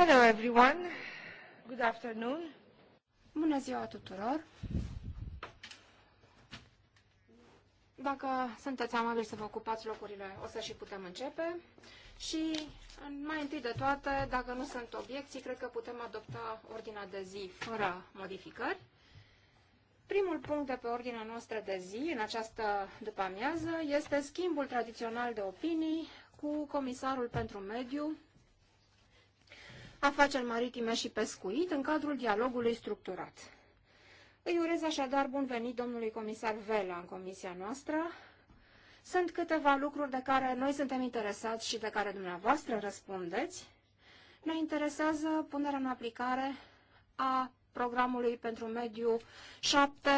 Hello everyone. Good afternoon. Bună ziua tuturor. Dacă sunteți amabili să vă ocupați locurile, o să și putem începe. Și mai întâi de toate, dacă nu sunt obiecții, cred că putem adopta ordinea de zi fără modificări. Primul punct de pe ordinea noastră de zi, în această după-amiază, este schimbul tradițional de opinii cu Comisarul pentru Mediu, afaceri maritime și pescuit în cadrul dialogului structurat. Îi urez așadar bun venit domnului comisar Vela în comisia noastră. Sunt câteva lucruri de care noi suntem interesați și de care dumneavoastră răspundeți. Ne interesează punerea în aplicare a programului pentru mediu 7,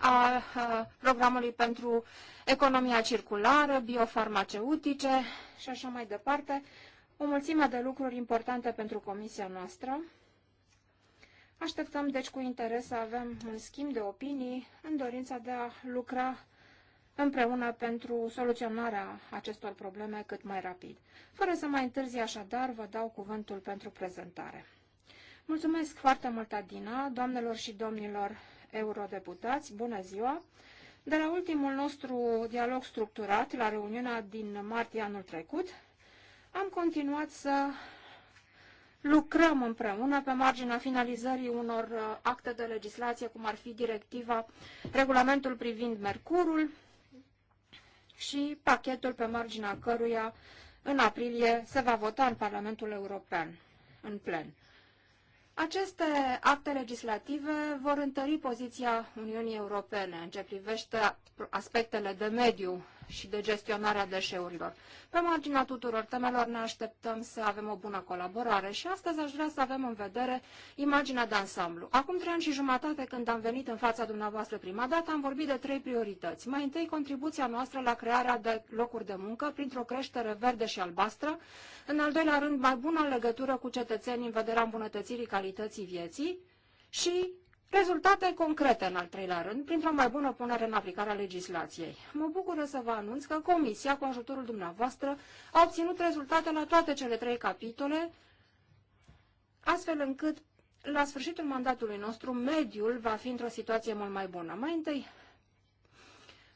a, a programului pentru economia circulară, biofarmaceutice și așa mai departe, o mulțime de lucruri importante pentru comisia noastră. Așteptăm deci cu interes să avem un schimb de opinii în dorința de a lucra împreună pentru soluționarea acestor probleme cât mai rapid. Fără să mai întârzi așadar, vă dau cuvântul pentru prezentare. Mulțumesc foarte mult, Adina, doamnelor și domnilor eurodeputați, bună ziua! De la ultimul nostru dialog structurat, la reuniunea din martie anul trecut, am continuat să lucrăm împreună pe marginea finalizării unor uh, acte de legislație, cum ar fi directiva, regulamentul privind Mercurul și pachetul pe marginea căruia în aprilie se va vota în Parlamentul European, în plen. Aceste acte legislative vor întări poziția Uniunii Europene în ce privește aspectele de mediu și de gestionarea deșeurilor. Pe marginea tuturor temelor ne așteptăm să avem o bună colaborare și astăzi aș vrea să avem în vedere imaginea de ansamblu. Acum trei ani și jumătate când am venit în fața dumneavoastră prima dată, am vorbit de trei priorități. Mai întâi, contribuția noastră la crearea de locuri de muncă printr-o creștere verde și albastră. În al doilea rând, mai bună legătură cu cetățenii în vederea îmbunătățirii calității vieții și Rezultate concrete, în al treilea rând, printr-o mai bună punere în aplicare a legislației. Mă bucură să vă anunț că Comisia, cu ajutorul dumneavoastră, a obținut rezultate la toate cele trei capitole, astfel încât, la sfârșitul mandatului nostru, mediul va fi într-o situație mult mai bună. Mai întâi,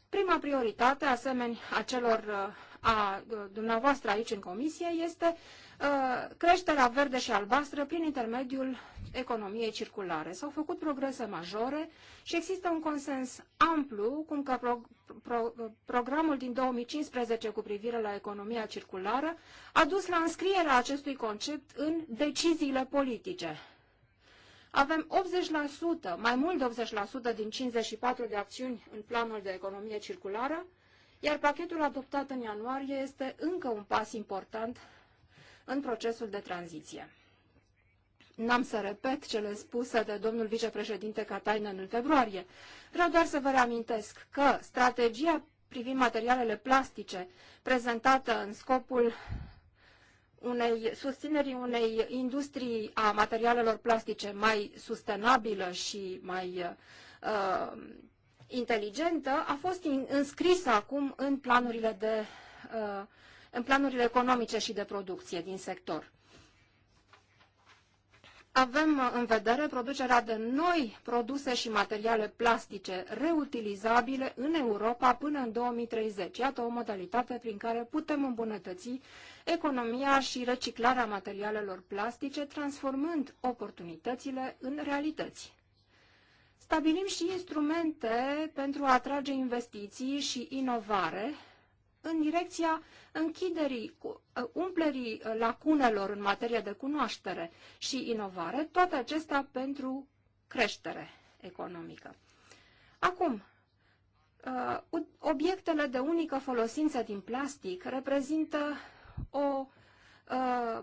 prima prioritate, asemeni acelor uh, a uh, dumneavoastră aici în comisie este uh, creșterea verde și albastră prin intermediul economiei circulare. S-au făcut progrese majore și există un consens amplu cum că pro, pro, programul din 2015 cu privire la economia circulară a dus la înscrierea acestui concept în deciziile politice. Avem 80%, mai mult de 80% din 54 de acțiuni în planul de economie circulară, iar pachetul adoptat în ianuarie este încă un pas important în procesul de tranziție. N-am să repet cele spuse de domnul vicepreședinte Katainen în februarie. Vreau doar să vă reamintesc că strategia privind materialele plastice prezentată în scopul unei susținerii unei industrii a materialelor plastice mai sustenabilă și mai uh, inteligentă a fost înscrisă acum în planurile, de, uh, în planurile economice și de producție din sector. Avem uh, în vedere producerea de noi produse și materiale plastice reutilizabile în Europa până în 2030. Iată o modalitate prin care putem îmbunătăți economia și reciclarea materialelor plastice, transformând oportunitățile în realități. Stabilim și instrumente pentru a atrage investiții și inovare în direcția închiderii, uh, umplerii uh, lacunelor în materie de cunoaștere și inovare, toate acestea pentru creștere economică. Acum, uh, obiectele de unică folosință din plastic reprezintă o Uh,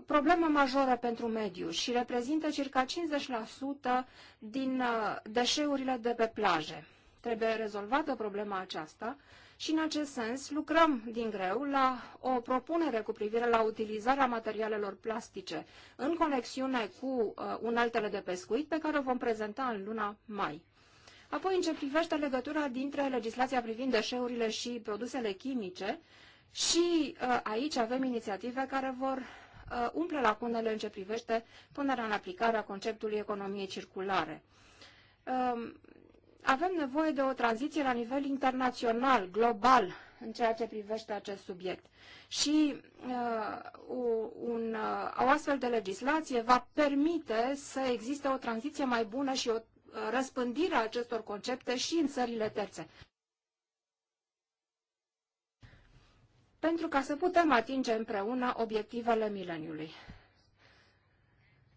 problemă majoră pentru mediu și reprezintă circa 50% din uh, deșeurile de pe plaje. Trebuie rezolvată problema aceasta și în acest sens lucrăm din greu la o propunere cu privire la utilizarea materialelor plastice în conexiune cu uh, uneltele de pescuit pe care o vom prezenta în luna mai. Apoi, în ce privește legătura dintre legislația privind deșeurile și produsele chimice, și uh, aici avem inițiative care vor Uh, umple lacunele în ce privește punerea în aplicare a conceptului economiei circulare. Um, avem nevoie de o tranziție la nivel internațional, global, în ceea ce privește acest subiect. Și uh, un, uh, o astfel de legislație va permite să existe o tranziție mai bună și o uh, răspândire a acestor concepte și în țările terțe. pentru ca să putem atinge împreună obiectivele mileniului.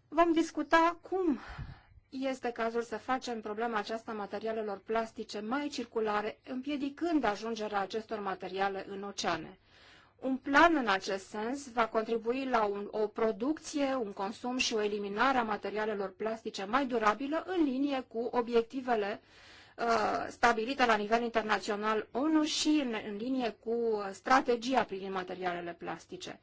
Vom discuta cum este cazul să facem problema aceasta materialelor plastice mai circulare, împiedicând ajungerea acestor materiale în oceane. Un plan în acest sens va contribui la un, o producție, un consum și o eliminare a materialelor plastice mai durabilă în linie cu obiectivele Uh, stabilită la nivel internațional ONU și în, în linie cu strategia privind materialele plastice.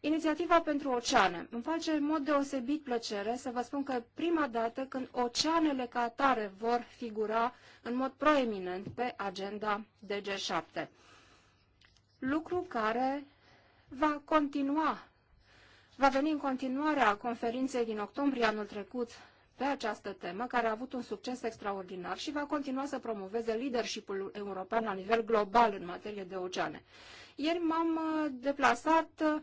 Inițiativa pentru oceane. Îmi face în mod deosebit plăcere să vă spun că prima dată când oceanele ca atare vor figura în mod proeminent pe agenda DG7. Lucru care va continua, va veni în continuare a conferinței din octombrie anul trecut pe această temă, care a avut un succes extraordinar și va continua să promoveze leadership-ul european la nivel global în materie de oceane. Ieri m-am uh, deplasat uh,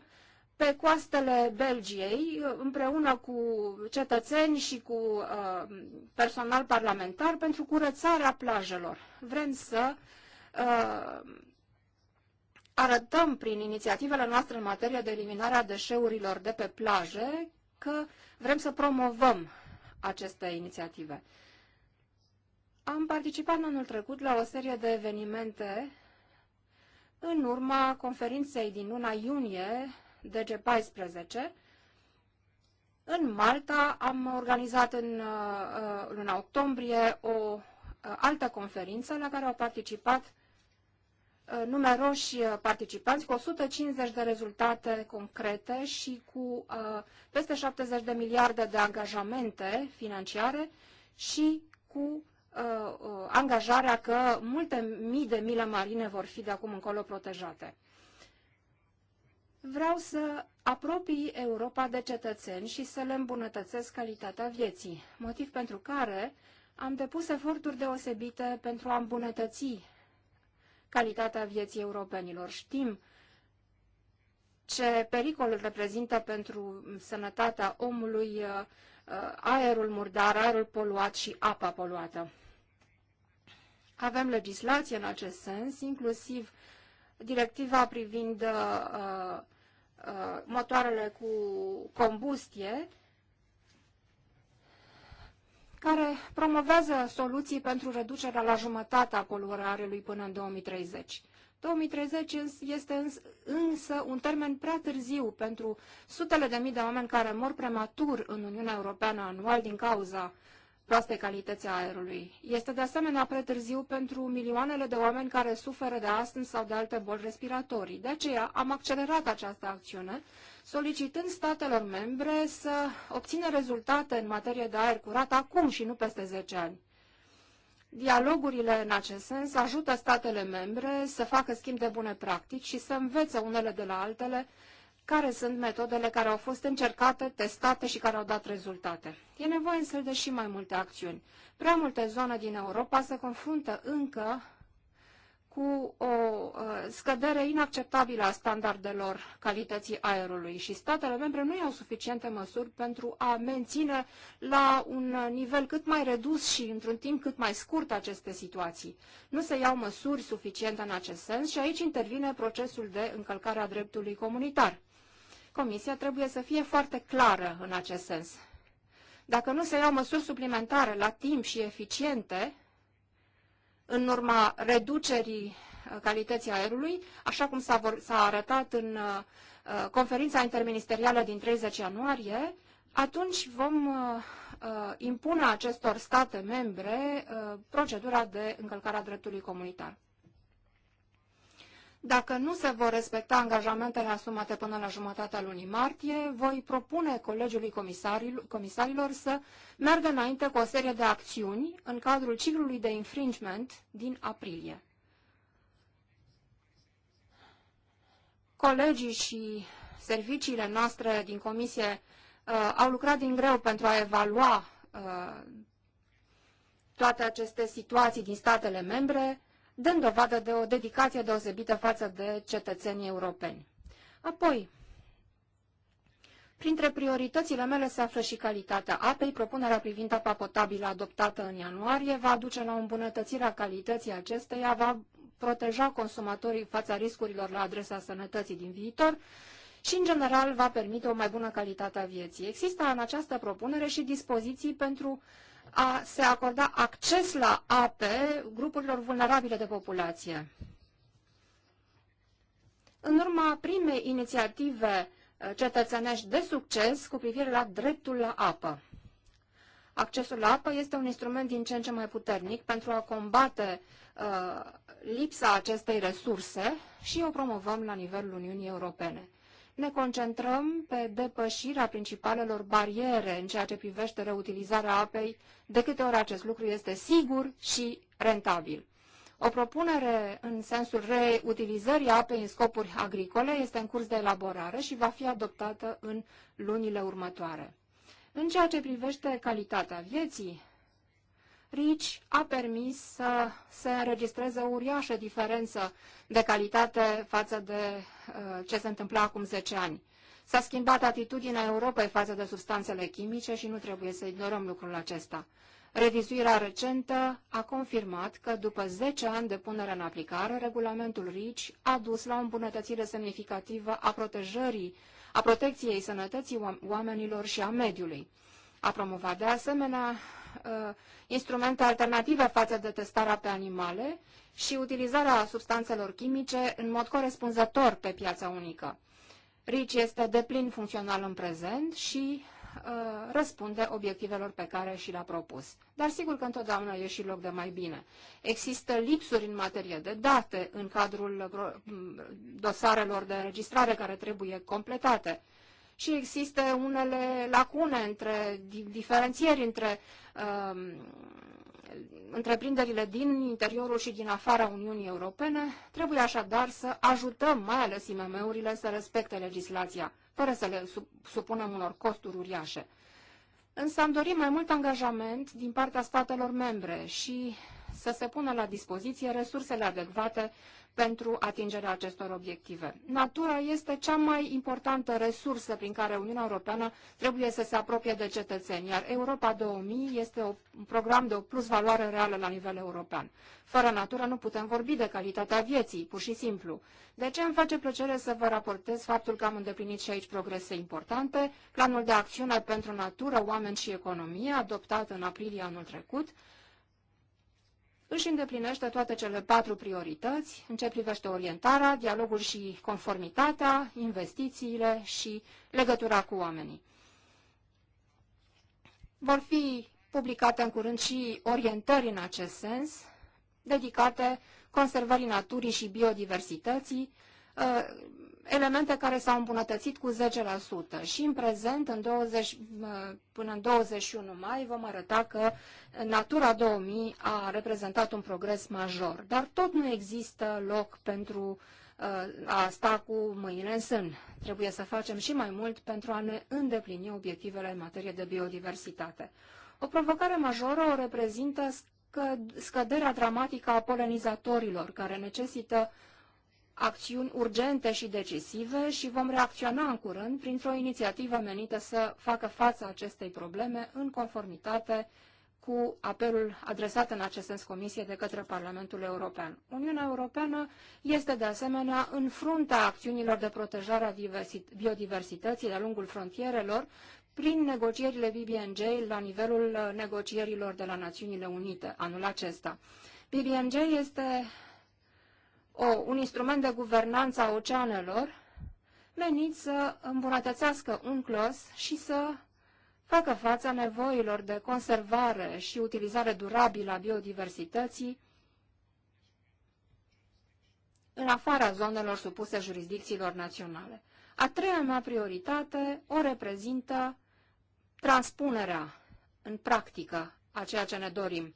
pe coastele Belgiei, uh, împreună cu cetățeni și cu uh, personal parlamentar, pentru curățarea plajelor. Vrem să uh, arătăm prin inițiativele noastre în materie de eliminarea deșeurilor de pe plaje că vrem să promovăm aceste inițiative. Am participat anul trecut la o serie de evenimente în urma conferinței din luna iunie DG14. În Malta am organizat în uh, luna octombrie o uh, altă conferință la care au participat Uh, numeroși uh, participanți cu 150 de rezultate concrete și cu uh, peste 70 de miliarde de angajamente financiare și cu angajarea că multe mii de mile marine vor fi de acum încolo protejate. Vreau să apropii Europa de cetățeni și să le îmbunătățesc calitatea vieții, motiv pentru care am depus eforturi deosebite pentru a îmbunătăți calitatea vieții europenilor. Știm ce pericol reprezintă pentru sănătatea omului uh, uh, aerul murdar, aerul poluat și apa poluată. Avem legislație în acest sens, inclusiv directiva privind uh, uh, uh motoarele cu combustie, care promovează soluții pentru reducerea la jumătate a poluarelui până în 2030. 2030 este însă un termen prea târziu pentru sutele de mii de oameni care mor prematur în Uniunea Europeană anual din cauza proaste calități a aerului. Este de asemenea pretârziu pentru milioanele de oameni care suferă de astm sau de alte boli respiratorii. De aceea am accelerat această acțiune, solicitând statelor membre să obțină rezultate în materie de aer curat acum și nu peste 10 ani. Dialogurile în acest sens ajută statele membre să facă schimb de bune practici și să învețe unele de la altele care sunt metodele care au fost încercate, testate și care au dat rezultate. E nevoie însă de și mai multe acțiuni. Prea multe zone din Europa se confruntă încă cu o uh, scădere inacceptabilă a standardelor calității aerului și statele membre nu iau suficiente măsuri pentru a menține la un nivel cât mai redus și într-un timp cât mai scurt aceste situații. Nu se iau măsuri suficiente în acest sens și aici intervine procesul de încălcare a dreptului comunitar. Comisia trebuie să fie foarte clară în acest sens. Dacă nu se iau măsuri suplimentare la timp și eficiente, în urma reducerii uh, calității aerului, așa cum s-a, arătat în uh, uh, conferința interministerială din 30 ianuarie, atunci vom uh, uh, impune acestor state membre uh, procedura de încălcare a dreptului comunitar. Dacă nu se vor respecta angajamentele asumate până la jumătatea lunii martie, voi propune Colegiului Comisarilor să meargă înainte cu o serie de acțiuni în cadrul ciclului de infringement din aprilie. Colegii și serviciile noastre din comisie uh, au lucrat din greu pentru a evalua uh, toate aceste situații din statele membre, dând dovadă de o dedicație deosebită față de cetățenii europeni. Apoi, printre prioritățile mele se află și calitatea apei. Propunerea privind apa potabilă adoptată în ianuarie va aduce la îmbunătățirea calității acesteia, va proteja consumatorii fața riscurilor la adresa sănătății din viitor și, în general, va permite o mai bună calitate a vieții. Există în această propunere și dispoziții pentru a se acorda acces la ape grupurilor vulnerabile de populație. În urma primei inițiative uh, cetățenești de succes cu privire la dreptul la apă. Accesul la apă este un instrument din ce în ce mai puternic pentru a combate uh, lipsa acestei resurse și o promovăm la nivelul Uniunii Europene ne concentrăm pe depășirea principalelor bariere în ceea ce privește reutilizarea apei, de câte ori acest lucru este sigur și rentabil. O propunere în sensul reutilizării apei în scopuri agricole este în curs de elaborare și va fi adoptată în lunile următoare. În ceea ce privește calitatea vieții, Rich a permis să se înregistreze o uriașă diferență de calitate față de uh, ce se întâmpla acum 10 ani. S-a schimbat atitudinea Europei față de substanțele chimice și nu trebuie să ignorăm lucrul acesta. Revizuirea recentă a confirmat că după 10 ani de punere în aplicare, regulamentul RICI a dus la o îmbunătățire semnificativă a protejării, a protecției sănătății oamenilor și a mediului. A promovat de asemenea Uh, instrumente alternative față de testarea pe animale și utilizarea substanțelor chimice în mod corespunzător pe piața unică. RICI este deplin funcțional în prezent și uh, răspunde obiectivelor pe care și le-a propus. Dar sigur că întotdeauna e și loc de mai bine. Există lipsuri în materie de date în cadrul dosarelor de înregistrare care trebuie completate și există unele lacune între diferențieri între uh, întreprinderile din interiorul și din afara Uniunii Europene, trebuie așadar să ajutăm mai ales IMM-urile să respecte legislația, fără să le supunem unor costuri uriașe. Însă am dorit mai mult angajament din partea statelor membre și să se pună la dispoziție resursele adecvate pentru atingerea acestor obiective. Natura este cea mai importantă resursă prin care Uniunea Europeană trebuie să se apropie de cetățeni, iar Europa 2000 este un program de o plusvaloare reală la nivel european. Fără natură nu putem vorbi de calitatea vieții, pur și simplu. De aceea îmi face plăcere să vă raportez faptul că am îndeplinit și aici progrese importante, planul de acțiune pentru natură, oameni și economie, adoptat în aprilie anul trecut, își îndeplinește toate cele patru priorități în ce privește orientarea, dialogul și conformitatea, investițiile și legătura cu oamenii. Vor fi publicate în curând și orientări în acest sens, dedicate conservării naturii și biodiversității, elemente care s-au îmbunătățit cu 10% și în prezent, în 20, până în 21 mai, vom arăta că Natura 2000 a reprezentat un progres major, dar tot nu există loc pentru uh, a sta cu mâinile în sân. Trebuie să facem și mai mult pentru a ne îndeplini obiectivele în materie de biodiversitate. O provocare majoră o reprezintă scăderea dramatică a polenizatorilor, care necesită acțiuni urgente și decisive și vom reacționa în curând printr-o inițiativă menită să facă față acestei probleme în conformitate cu apelul adresat în acest sens Comisiei de către Parlamentul European. Uniunea Europeană este de asemenea în frunta acțiunilor de protejare a biodiversității de-a lungul frontierelor prin negocierile BBNJ la nivelul uh, negocierilor de la Națiunile Unite anul acesta. BBNJ este o, un instrument de guvernanță a oceanelor menit să îmbunătățească clos și să facă fața nevoilor de conservare și utilizare durabilă a biodiversității în afara zonelor supuse jurisdicțiilor naționale. A treia mea prioritate o reprezintă transpunerea în practică a ceea ce ne dorim.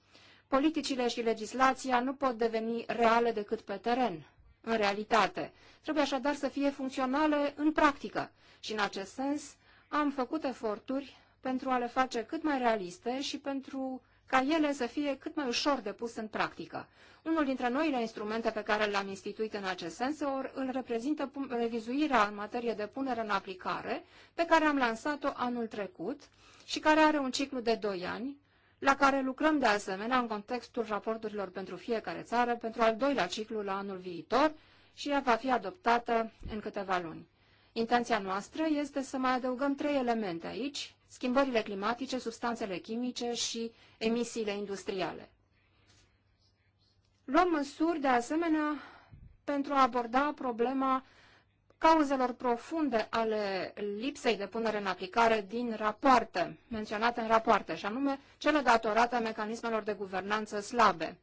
Politicile și legislația nu pot deveni reale decât pe teren, în realitate. Trebuie așadar să fie funcționale în practică și în acest sens am făcut eforturi pentru a le face cât mai realiste și pentru ca ele să fie cât mai ușor de pus în practică. Unul dintre noile instrumente pe care le-am instituit în acest sens îl reprezintă revizuirea în materie de punere în aplicare, pe care am lansat-o anul trecut și care are un ciclu de 2 ani, la care lucrăm de asemenea în contextul raporturilor pentru fiecare țară pentru al doilea ciclu la anul viitor și ea va fi adoptată în câteva luni. Intenția noastră este să mai adăugăm trei elemente aici, schimbările climatice, substanțele chimice și emisiile industriale. Luăm măsuri de asemenea pentru a aborda problema cauzelor profunde ale lipsei de punere în aplicare din rapoarte, menționate în rapoarte, și anume cele datorate mecanismelor de guvernanță slabe.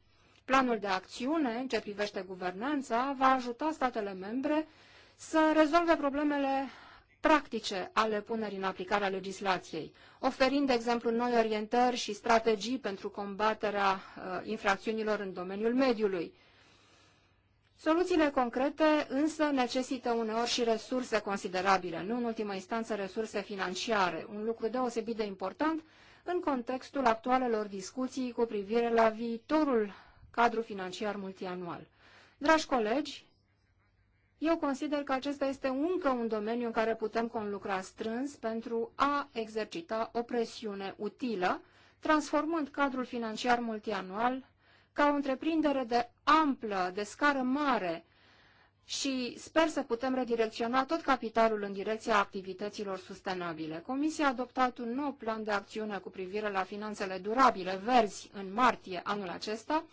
Planul de acțiune, în ce privește guvernanța, va ajuta statele membre să rezolve problemele practice ale punerii în aplicare a legislației, oferind, de exemplu, noi orientări și strategii pentru combaterea uh, infracțiunilor în domeniul mediului, Soluțiile concrete însă necesită uneori și resurse considerabile, nu în ultima instanță resurse financiare, un lucru deosebit de important în contextul actualelor discuții cu privire la viitorul cadru financiar multianual. Dragi colegi, eu consider că acesta este încă un domeniu în care putem conlucra strâns pentru a exercita o presiune utilă, transformând cadrul financiar multianual ca o întreprindere de amplă, de scară mare și sper să putem redirecționa tot capitalul în direcția activităților sustenabile. Comisia a adoptat un nou plan de acțiune cu privire la finanțele durabile, verzi, în martie anul acesta,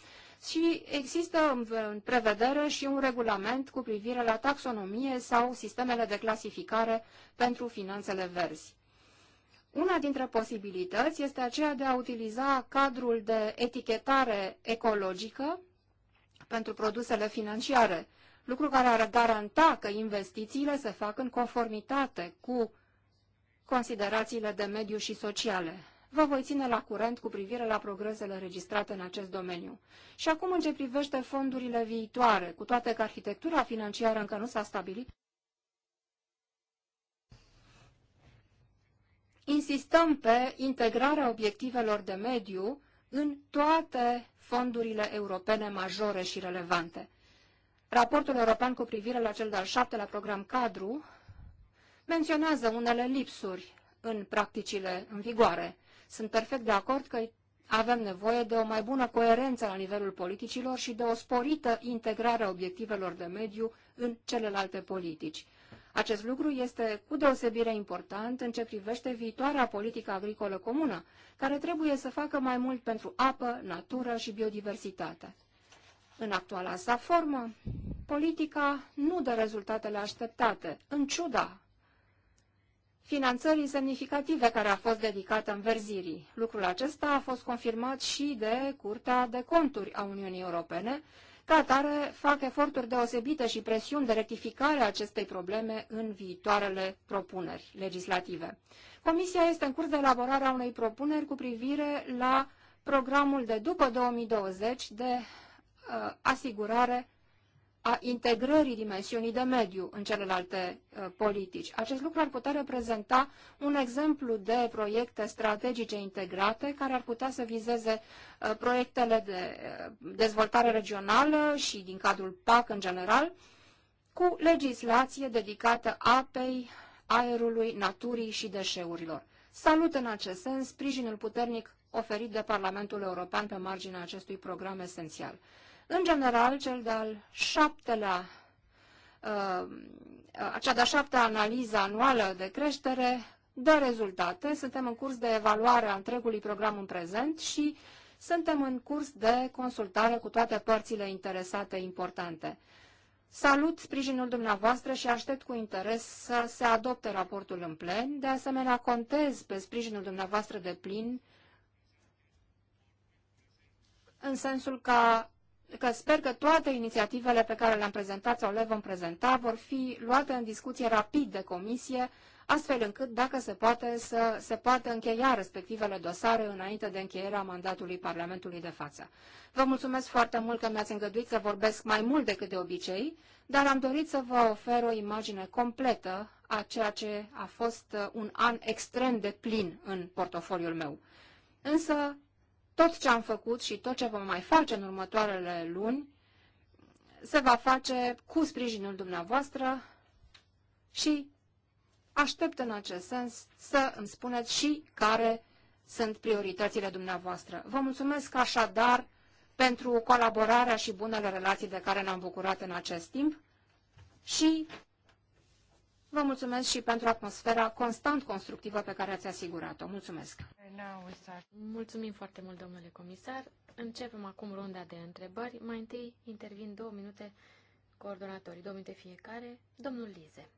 și există în prevedere și un regulament cu privire la taxonomie sau sistemele de clasificare pentru finanțele verzi. Una dintre posibilități este aceea de a utiliza cadrul de etichetare ecologică pentru produsele financiare, lucru care ar garanta că investițiile se fac în conformitate cu considerațiile de mediu și sociale. Vă voi ține la curent cu privire la progresele registrate în acest domeniu. Și acum în ce privește fondurile viitoare, cu toate că arhitectura financiară încă nu s-a stabilit, insistăm pe integrarea obiectivelor de mediu în toate fondurile europene majore și relevante. Raportul european cu privire la cel de-al șaptelea program cadru menționează unele lipsuri în practicile în vigoare. Sunt perfect de acord că avem nevoie de o mai bună coerență la nivelul politicilor și de o sporită integrare a obiectivelor de mediu în celelalte politici. Acest lucru este cu deosebire important în ce privește viitoarea politică agricolă comună, care trebuie să facă mai mult pentru apă, natură și biodiversitate. În actuala sa formă, politica nu dă rezultatele așteptate, în ciuda finanțării semnificative care a fost dedicată verzirii. Lucrul acesta a fost confirmat și de Curtea de Conturi a Uniunii Europene, ca atare, fac eforturi deosebite și presiuni de rectificare a acestei probleme în viitoarele propuneri legislative. Comisia este în curs de elaborare a unei propuneri cu privire la programul de după 2020 de uh, asigurare a integrării dimensiunii de mediu în celelalte uh, politici. Acest lucru ar putea reprezenta un exemplu de proiecte strategice integrate care ar putea să vizeze uh, proiectele de uh, dezvoltare regională și din cadrul PAC în general, cu legislație dedicată apei, aerului, naturii și deșeurilor. Salut în acest sens sprijinul puternic oferit de Parlamentul European pe marginea acestui program esențial. În general, cel de-al șaptelea, uh, uh, cea de-a șaptea analiză anuală de creștere dă rezultate. Suntem în curs de evaluare a întregului program în prezent și suntem în curs de consultare cu toate părțile interesate importante. Salut sprijinul dumneavoastră și aștept cu interes să se adopte raportul în plen. De asemenea, contez pe sprijinul dumneavoastră de plin în sensul ca că sper că toate inițiativele pe care le-am prezentat sau le vom prezenta vor fi luate în discuție rapid de comisie, astfel încât, dacă se poate, să se poată încheia respectivele dosare înainte de încheierea mandatului Parlamentului de față. Vă mulțumesc foarte mult că mi-ați îngăduit să vorbesc mai mult decât de obicei, dar am dorit să vă ofer o imagine completă a ceea ce a fost un an extrem de plin în portofoliul meu. Însă, tot ce am făcut și tot ce vom mai face în următoarele luni se va face cu sprijinul dumneavoastră și aștept în acest sens să îmi spuneți și care sunt prioritățile dumneavoastră. Vă mulțumesc așadar pentru colaborarea și bunele relații de care ne-am bucurat în acest timp și Vă mulțumesc și pentru atmosfera constant constructivă pe care ați asigurat-o. Mulțumesc! Mulțumim foarte mult, domnule comisar. Începem acum runda de întrebări. Mai întâi intervin două minute coordonatorii, două minute fiecare. Domnul Lize.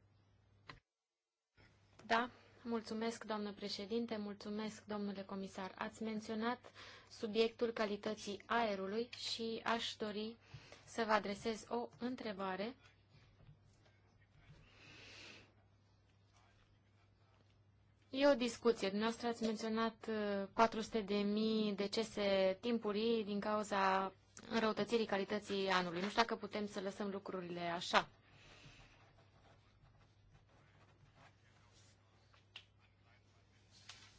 Da, mulțumesc, doamnă președinte, mulțumesc, domnule comisar. Ați menționat subiectul calității aerului și aș dori să vă adresez o întrebare E o discuție. Dumneavoastră ați menționat 400 uh, de mii decese timpurii din cauza înrăutățirii calității anului. Nu știu dacă putem să lăsăm lucrurile așa.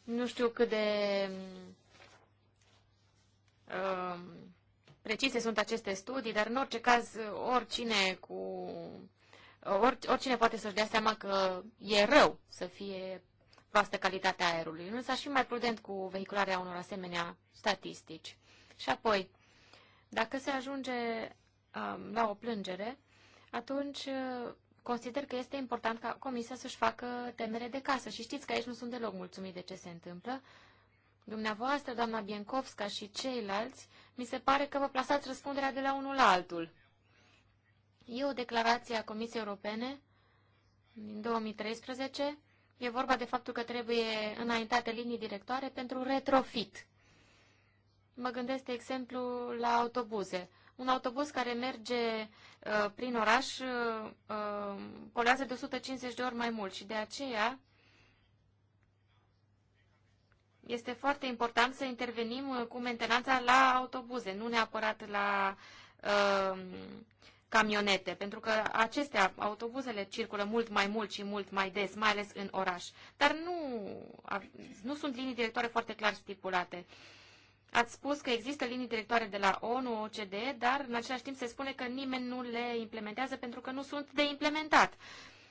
Nu știu cât de uh, precise sunt aceste studii, dar în orice caz, oricine cu oricine poate să-și dea seama că e rău să fie proastă calitate a aerului. Nu s-a și mai prudent cu vehicularea unor asemenea statistici. Și apoi, dacă se ajunge um, la o plângere, atunci uh, consider că este important ca comisia să-și facă temere de casă. Și știți că aici nu sunt deloc mulțumit de ce se întâmplă. Dumneavoastră, doamna Biencovska și ceilalți, mi se pare că vă plasați răspunderea de la unul la altul. E o declarație a Comisiei Europene din 2013 E vorba de faptul că trebuie înaintate linii directoare pentru retrofit. Mă gândesc, de exemplu, la autobuze. Un autobuz care merge uh, prin oraș uh, poluează uh, de 150 de ori mai mult și de aceea este foarte important să intervenim uh, cu mentenanța la autobuze, nu neapărat la uh, camionete, pentru că acestea, autobuzele, circulă mult mai mult și mult mai des, mai ales în oraș. Dar nu, nu sunt linii directoare foarte clar stipulate. Ați spus că există linii directoare de la ONU, OCDE, dar în același timp se spune că nimeni nu le implementează pentru că nu sunt de implementat.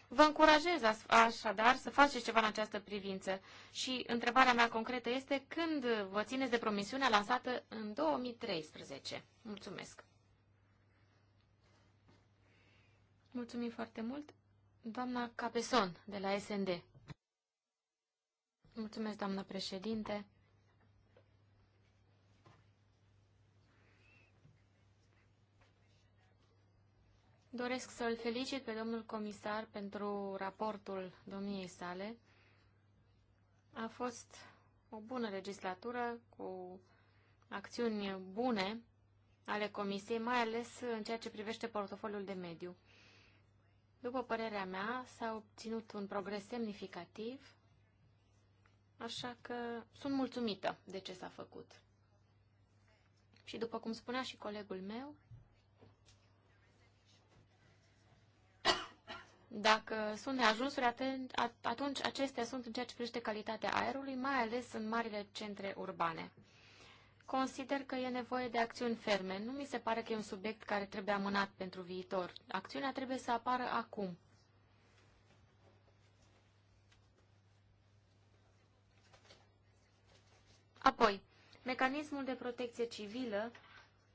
Vă încurajez așadar să faceți ceva în această privință. Și întrebarea mea concretă este când vă țineți de promisiunea lansată în 2013? Mulțumesc! Mulțumim foarte mult. Doamna Capeson, de la SND. Mulțumesc, doamnă președinte. Doresc să-l felicit pe domnul comisar pentru raportul domniei sale. A fost o bună legislatură cu acțiuni bune ale comisiei, mai ales în ceea ce privește portofoliul de mediu. După părerea mea, s-a obținut un progres semnificativ, așa că sunt mulțumită de ce s-a făcut. Și după cum spunea și colegul meu, dacă sunt neajunsuri, atunci acestea sunt în ceea ce privește calitatea aerului, mai ales în marile centre urbane consider că e nevoie de acțiuni ferme. Nu mi se pare că e un subiect care trebuie amânat pentru viitor. Acțiunea trebuie să apară acum. Apoi, mecanismul de protecție civilă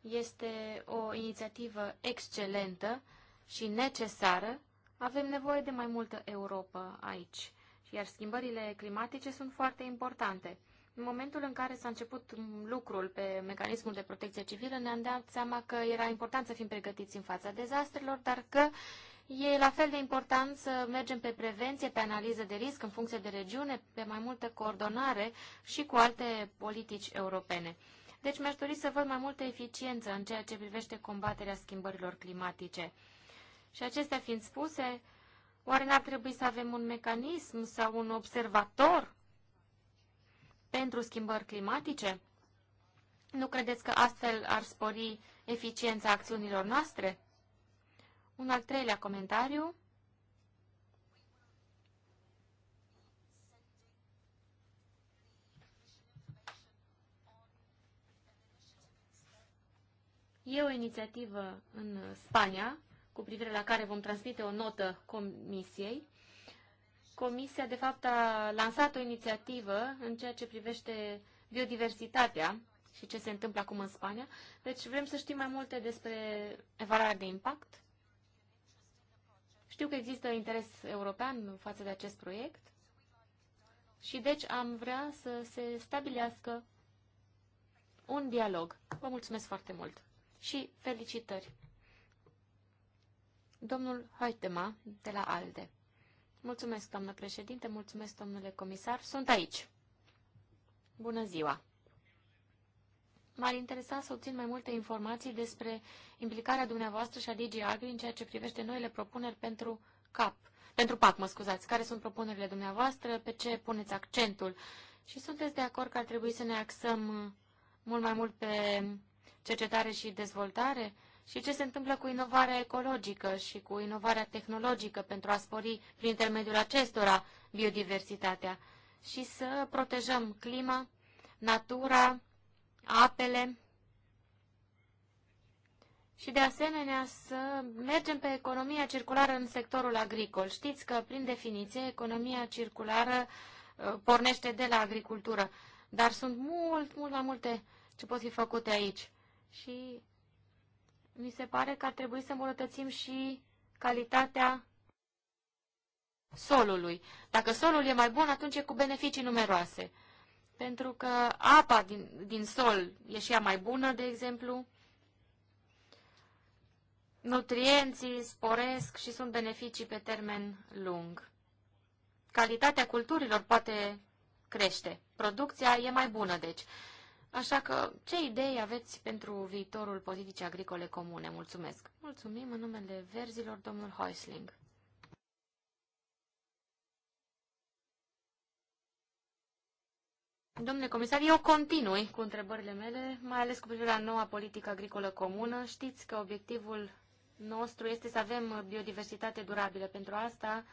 este o inițiativă excelentă și necesară. Avem nevoie de mai multă Europa aici, iar schimbările climatice sunt foarte importante. În momentul în care s-a început lucrul pe mecanismul de protecție civilă, ne-am dat seama că era important să fim pregătiți în fața dezastrelor, dar că e la fel de important să mergem pe prevenție, pe analiză de risc în funcție de regiune, pe mai multă coordonare și cu alte politici europene. Deci mi-aș dori să văd mai multă eficiență în ceea ce privește combaterea schimbărilor climatice. Și acestea fiind spuse, oare n-ar trebui să avem un mecanism sau un observator pentru schimbări climatice? Nu credeți că astfel ar spori eficiența acțiunilor noastre? Un al treilea comentariu. E o inițiativă în Spania cu privire la care vom transmite o notă comisiei Comisia, de fapt, a lansat o inițiativă în ceea ce privește biodiversitatea și ce se întâmplă acum în Spania. Deci vrem să știm mai multe despre evaluarea de impact. Știu că există interes european față de acest proiect și deci am vrea să se stabilească un dialog. Vă mulțumesc foarte mult și felicitări! Domnul Haitema de la ALDE. Mulțumesc, doamnă președinte, mulțumesc, domnule comisar. Sunt aici. Bună ziua! M-ar interesa să obțin mai multe informații despre implicarea dumneavoastră și a DG Agri în ceea ce privește noile propuneri pentru CAP. Pentru PAC, mă scuzați. Care sunt propunerile dumneavoastră? Pe ce puneți accentul? Și sunteți de acord că ar trebui să ne axăm mult mai mult pe cercetare și dezvoltare? și ce se întâmplă cu inovarea ecologică și cu inovarea tehnologică pentru a spori prin intermediul acestora biodiversitatea și să protejăm clima, natura, apele și de asemenea să mergem pe economia circulară în sectorul agricol. Știți că, prin definiție, economia circulară uh, pornește de la agricultură, dar sunt mult, mult mai multe ce pot fi făcute aici. Și mi se pare că ar trebui să îmbunătățim și calitatea solului. Dacă solul e mai bun, atunci e cu beneficii numeroase. Pentru că apa din, din sol e și ea mai bună, de exemplu, nutrienții sporesc și sunt beneficii pe termen lung. Calitatea culturilor poate crește. Producția e mai bună, deci. Așa că, ce idei aveți pentru viitorul politicii agricole comune? Mulțumesc! Mulțumim în numele verzilor, domnul Heusling. Domnule comisar, eu continui cu întrebările mele, mai ales cu privire la noua politică agricolă comună. Știți că obiectivul nostru este să avem biodiversitate durabilă. Pentru asta,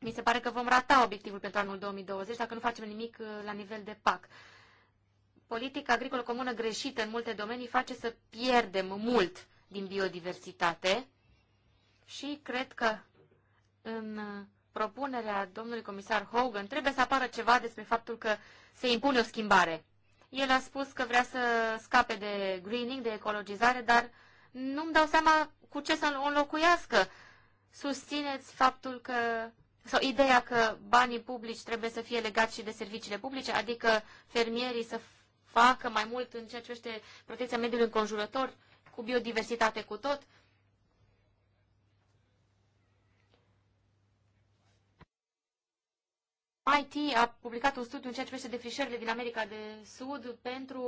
mi se pare că vom rata obiectivul pentru anul 2020 dacă nu facem nimic uh, la nivel de PAC politica agricolă comună greșită în multe domenii face să pierdem mult din biodiversitate și cred că în propunerea domnului comisar Hogan trebuie să apară ceva despre faptul că se impune o schimbare. El a spus că vrea să scape de greening, de ecologizare, dar nu-mi dau seama cu ce să o înlocuiască. Susțineți faptul că sau ideea că banii publici trebuie să fie legați și de serviciile publice, adică fermierii să facă mai mult în ceea ce privește protecția mediului înconjurător, cu biodiversitate cu tot. MIT a publicat un studiu în ceea ce privește defrișările din America de Sud pentru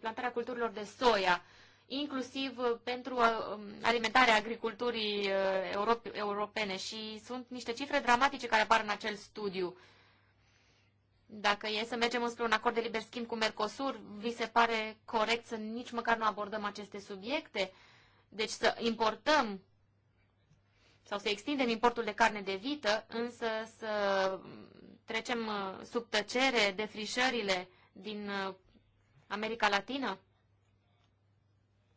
plantarea culturilor de soia, inclusiv pentru uh, alimentarea agriculturii uh, europene și sunt niște cifre dramatice care apar în acel studiu. Dacă e să mergem înspre un acord de liber schimb cu Mercosur, vi se pare corect să nici măcar nu abordăm aceste subiecte? Deci să importăm sau să extindem importul de carne de vită, însă să trecem uh, sub tăcere frișările din uh, America Latină?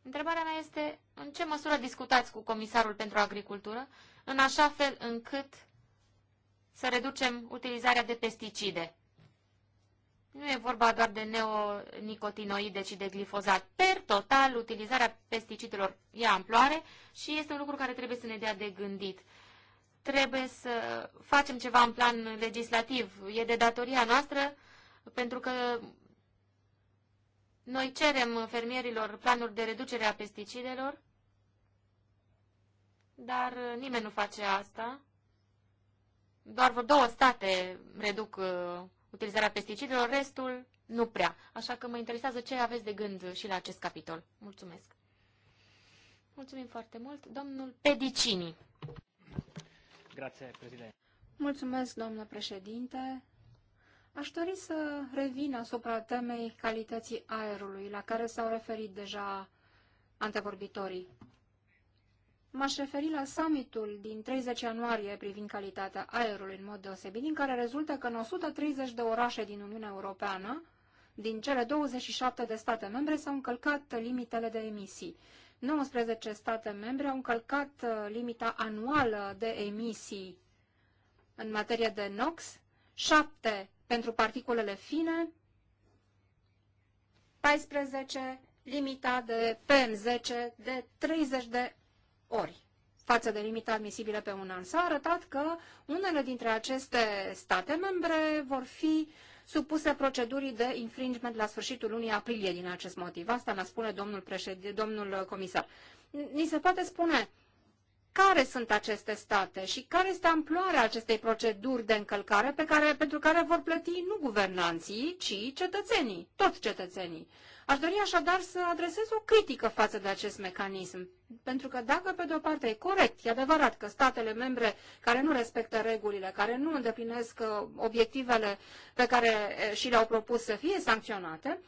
Întrebarea mea este în ce măsură discutați cu Comisarul pentru Agricultură în așa fel încât să reducem utilizarea de pesticide. Nu e vorba doar de neonicotinoide, ci de glifozat. Per total, utilizarea pesticidelor ia amploare și este un lucru care trebuie să ne dea de gândit. Trebuie să facem ceva în plan legislativ. E de datoria noastră pentru că noi cerem fermierilor planuri de reducere a pesticidelor, dar nimeni nu face asta. Doar vreo două state reduc uh, utilizarea pesticidelor, restul nu prea. Așa că mă interesează ce aveți de gând și la acest capitol. Mulțumesc. Mulțumim foarte mult. Domnul Pedicini. Grație, președinte. Mulțumesc, domnule președinte. Aș dori să revin asupra temei calității aerului, la care s-au referit deja antevorbitorii. M-aș referi la summitul din 30 ianuarie privind calitatea aerului în mod deosebit, din care rezultă că în 130 de orașe din Uniunea Europeană, din cele 27 de state membre, s-au încălcat limitele de emisii. 19 state membre au încălcat uh, limita anuală de emisii în materie de NOx, 7 pentru particulele fine, 14 limita de PM10 de 30 de ori față de limita admisibilă pe un an. S-a arătat că unele dintre aceste state membre vor fi supuse procedurii de infringement la sfârșitul lunii aprilie din acest motiv. Asta ne spune domnul, președ... domnul comisar. Ni se poate spune care sunt aceste state și care este amploarea acestei proceduri de încălcare pe care, pentru care vor plăti nu guvernanții, ci cetățenii, toți cetățenii. Aș dori așadar să adresez o critică față de acest mecanism, pentru că dacă pe de o parte e corect, e adevărat că statele membre care nu respectă regulile, care nu îndeplinesc uh, obiectivele pe care și le-au propus să fie sancționate,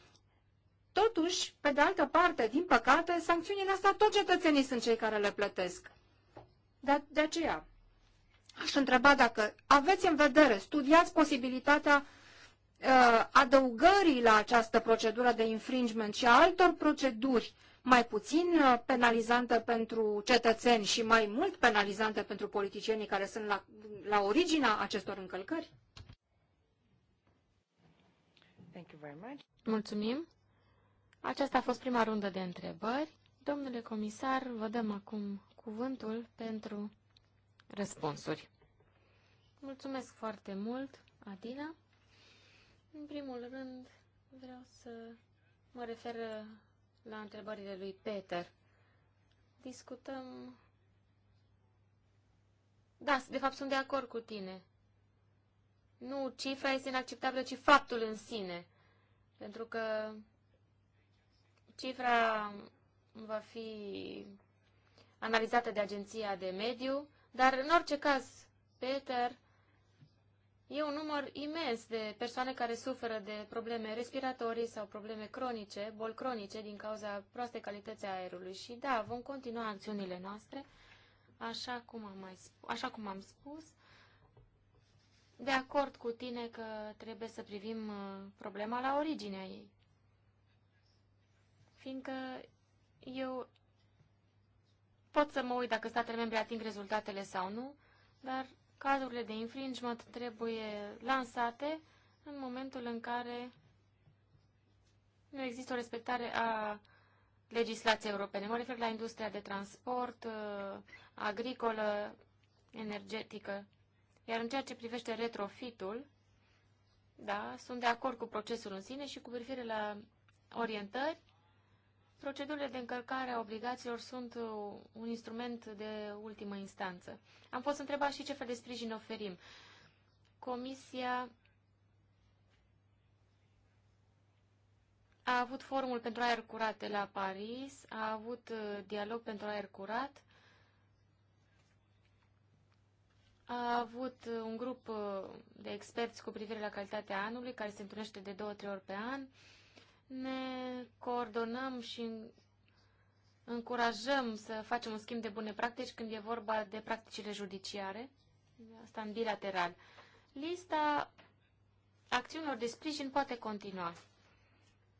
totuși, pe de altă parte, din păcate, sancțiunile astea tot cetățenii sunt cei care le plătesc. De, de aceea, aș întreba dacă aveți în vedere, studiați posibilitatea uh, adăugării la această procedură de infringement și a altor proceduri mai puțin uh, penalizante pentru cetățeni și mai mult penalizante pentru politicienii care sunt la, la originea acestor încălcări? Thank you very much. Mulțumim. Aceasta a fost prima rundă de întrebări. Domnule comisar, vă dăm acum cuvântul pentru răspunsuri. Mulțumesc foarte mult, Adina. În primul rând, vreau să mă refer la întrebările lui Peter. Discutăm... Da, de fapt sunt de acord cu tine. Nu cifra este inacceptabilă, ci faptul în sine. Pentru că cifra va fi analizată de Agenția de Mediu, dar în orice caz, Peter E un număr imens de persoane care suferă de probleme respiratorii sau probleme cronice, boli cronice din cauza proastei calității aerului. Și da, vom continua acțiunile noastre, așa cum am, mai sp- așa cum am spus, de acord cu tine că trebuie să privim uh, problema la originea ei. Fiindcă eu pot să mă uit dacă statele membre ating rezultatele sau nu, dar cazurile de infringement trebuie lansate în momentul în care nu există o respectare a legislației europene. Mă refer la industria de transport, uh, agricolă, energetică. Iar în ceea ce privește retrofitul, da, sunt de acord cu procesul în sine și cu privire la orientări, Procedurile de încălcare a obligațiilor sunt uh, un instrument de ultimă instanță. Am fost întrebat și ce fel de sprijin oferim. Comisia a avut formul pentru aer curat la Paris, a avut uh, dialog pentru aer curat, a avut uh, un grup de experți cu privire la calitatea anului, care se întâlnește de două, trei ori pe an, ne coordonăm și încurajăm să facem un schimb de bune practici când e vorba de practicile judiciare, asta în bilateral. Lista acțiunilor de sprijin poate continua.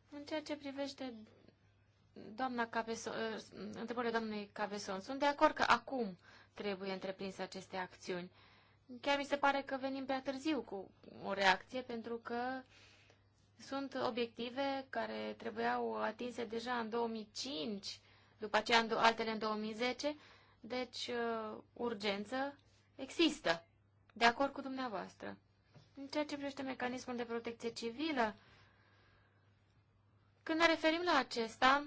În ceea ce privește doamna Caveson, eh, întrebările doamnei Caveson, sunt de acord că acum trebuie întreprinse aceste acțiuni. Chiar mi se pare că venim prea târziu cu o reacție, pentru că uh, sunt obiective care trebuiau atinse deja în 2005, după aceea în altele în 2010, deci uh, urgență există. De acord cu dumneavoastră. În ceea ce privește mecanismul de protecție civilă, când ne referim la acesta,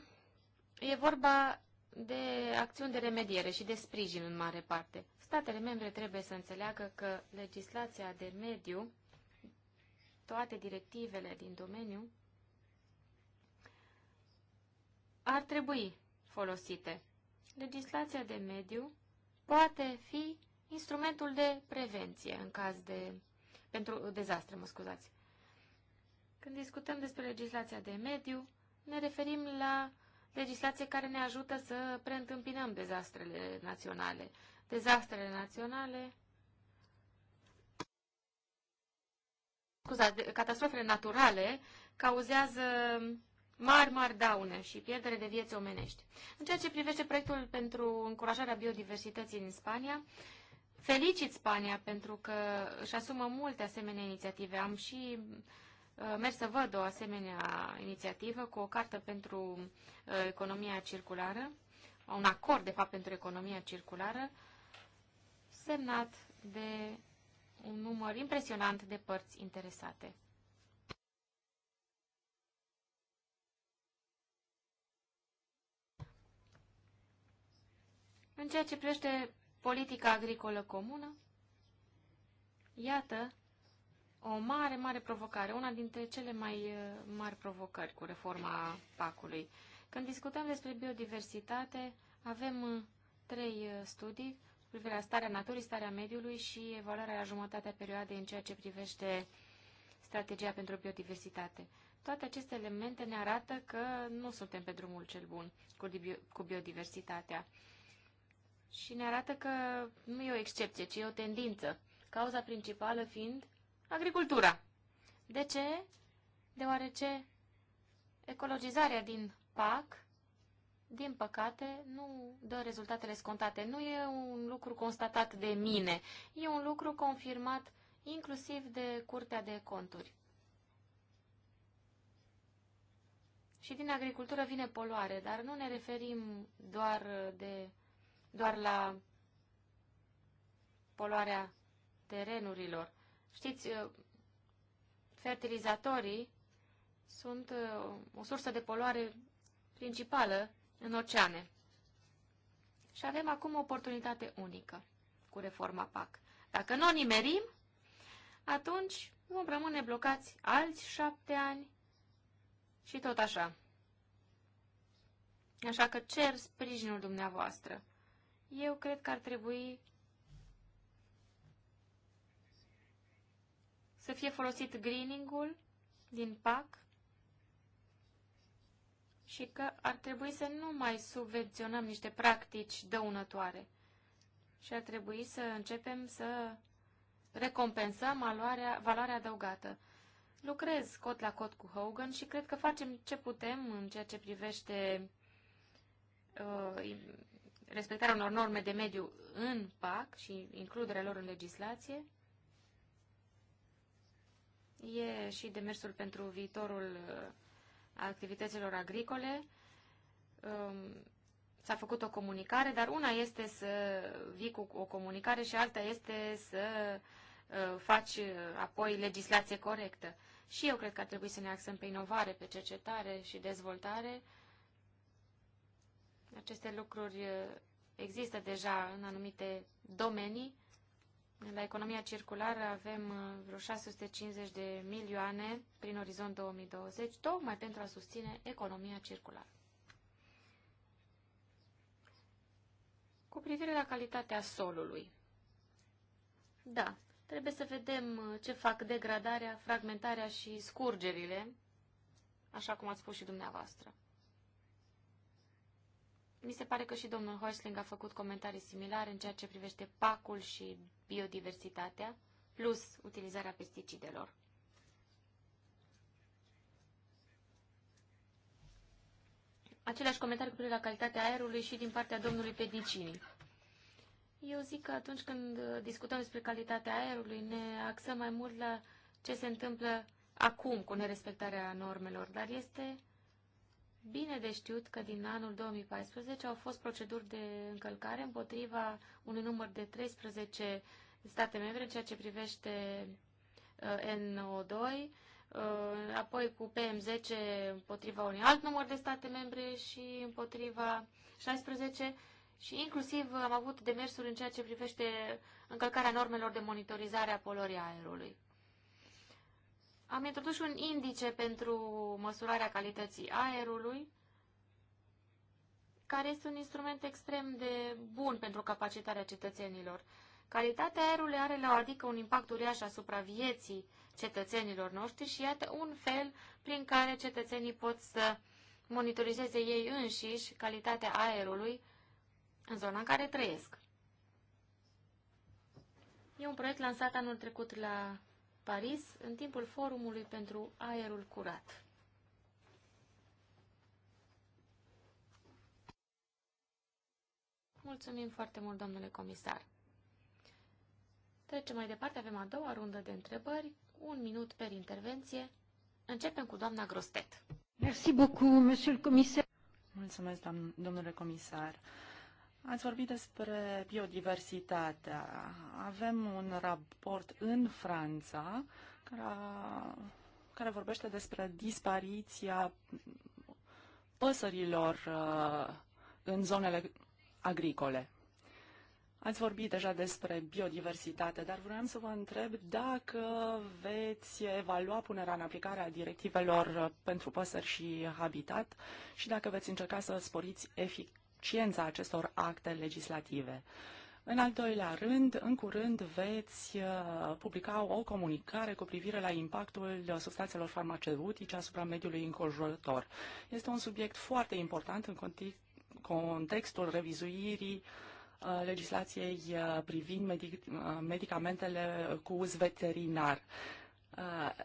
e vorba de acțiuni de remediere și de sprijin în mare parte. Statele membre trebuie să înțeleagă că legislația de mediu toate directivele din domeniu ar trebui folosite. Legislația de mediu poate fi instrumentul de prevenție în caz de pentru dezastre, mă scuzați. Când discutăm despre legislația de mediu, ne referim la legislație care ne ajută să preîntâmpinăm dezastrele naționale. Dezastrele naționale scuzați, catastrofele naturale cauzează mari, mari daune și pierdere de vieți omenești. În ceea ce privește proiectul pentru încurajarea biodiversității în Spania, felicit Spania pentru că își asumă multe asemenea inițiative. Am și uh, mers să văd o asemenea inițiativă cu o cartă pentru uh, economia circulară, un acord, de fapt, pentru economia circulară, semnat de un număr impresionant de părți interesate. În ceea ce privește politica agricolă comună, iată o mare, mare provocare, una dintre cele mai uh, mari provocări cu reforma PAC-ului. Când discutăm despre biodiversitate, avem uh, trei uh, studii, privire la starea naturii, starea mediului și evaluarea la jumătatea perioadei în ceea ce privește strategia pentru biodiversitate. Toate aceste elemente ne arată că nu suntem pe drumul cel bun cu biodiversitatea. Și ne arată că nu e o excepție, ci e o tendință. Cauza principală fiind agricultura. De ce? Deoarece ecologizarea din PAC din păcate, nu dă rezultatele scontate. Nu e un lucru constatat de mine, e un lucru confirmat inclusiv de Curtea de Conturi. Și din agricultură vine poluare, dar nu ne referim doar, de, doar la poluarea terenurilor. Știți, fertilizatorii sunt uh, o sursă de poluare principală în oceane. Și avem acum o oportunitate unică cu reforma PAC. Dacă nu o nimerim, atunci vom rămâne blocați alți șapte ani și tot așa. Așa că cer sprijinul dumneavoastră. Eu cred că ar trebui să fie folosit greening-ul din PAC și că ar trebui să nu mai subvenționăm niște practici dăunătoare și ar trebui să începem să recompensăm valoarea, valoarea adăugată. Lucrez cot la cot cu Hogan și cred că facem ce putem în ceea ce privește uh, respectarea unor norme de mediu în PAC și includerea lor în legislație. E și demersul pentru viitorul uh, a activităților agricole. Um, s-a făcut o comunicare, dar una este să vii cu o comunicare și alta este să uh, faci uh, apoi legislație corectă. Și eu cred că ar trebui să ne axăm pe inovare, pe cercetare și dezvoltare. Aceste lucruri uh, există deja în anumite domenii la economia circulară avem uh, vreo 650 de milioane prin orizont 2020, tocmai pentru a susține economia circulară. Cu privire la calitatea solului. Da, trebuie să vedem uh, ce fac degradarea, fragmentarea și scurgerile, așa cum ați spus și dumneavoastră. Mi se pare că și domnul Hoisling a făcut comentarii similare în ceea ce privește pacul și biodiversitatea, plus utilizarea pesticidelor. Același comentariu cu privire la calitatea aerului și din partea domnului Pedicini. Eu zic că atunci când discutăm despre calitatea aerului, ne axăm mai mult la ce se întâmplă acum cu nerespectarea normelor, dar este bine de știut că din anul 2014 au fost proceduri de încălcare împotriva unui număr de 13 state membre în ceea ce privește uh, NO2, uh, apoi cu PM10 împotriva unui alt număr de state membre și împotriva 16 și inclusiv am avut demersuri în ceea ce privește încălcarea normelor de monitorizare a polorii aerului. Am introdus un indice pentru măsurarea calității aerului, care este un instrument extrem de bun pentru capacitarea cetățenilor. Calitatea aerului are la o adică un impact uriaș asupra vieții cetățenilor noștri și iată un fel prin care cetățenii pot să monitorizeze ei înșiși calitatea aerului în zona în care trăiesc. E un proiect lansat anul trecut la Paris în timpul forumului pentru aerul curat. Mulțumim foarte mult, domnule comisar. Trecem mai departe, avem a doua rundă de întrebări, un minut per intervenție. Începem cu doamna Grostet. Merci beaucoup, monsieur le comisar. Mulțumesc, domnule comisar. Ați vorbit despre biodiversitatea. Avem un raport în Franța care, a, care vorbește despre dispariția păsărilor uh, în zonele agricole. Ați vorbit deja despre biodiversitate, dar vreau să vă întreb dacă veți evalua punerea în aplicare a directivelor uh, pentru păsări și habitat și dacă veți încerca să sporiți efic- eficiența acestor acte legislative. În al doilea rând, în curând veți uh, publica o comunicare cu privire la impactul substanțelor farmaceutice asupra mediului înconjurător. Este un subiect foarte important în contextul revizuirii uh, legislației uh, privind medicamentele cu uz veterinar.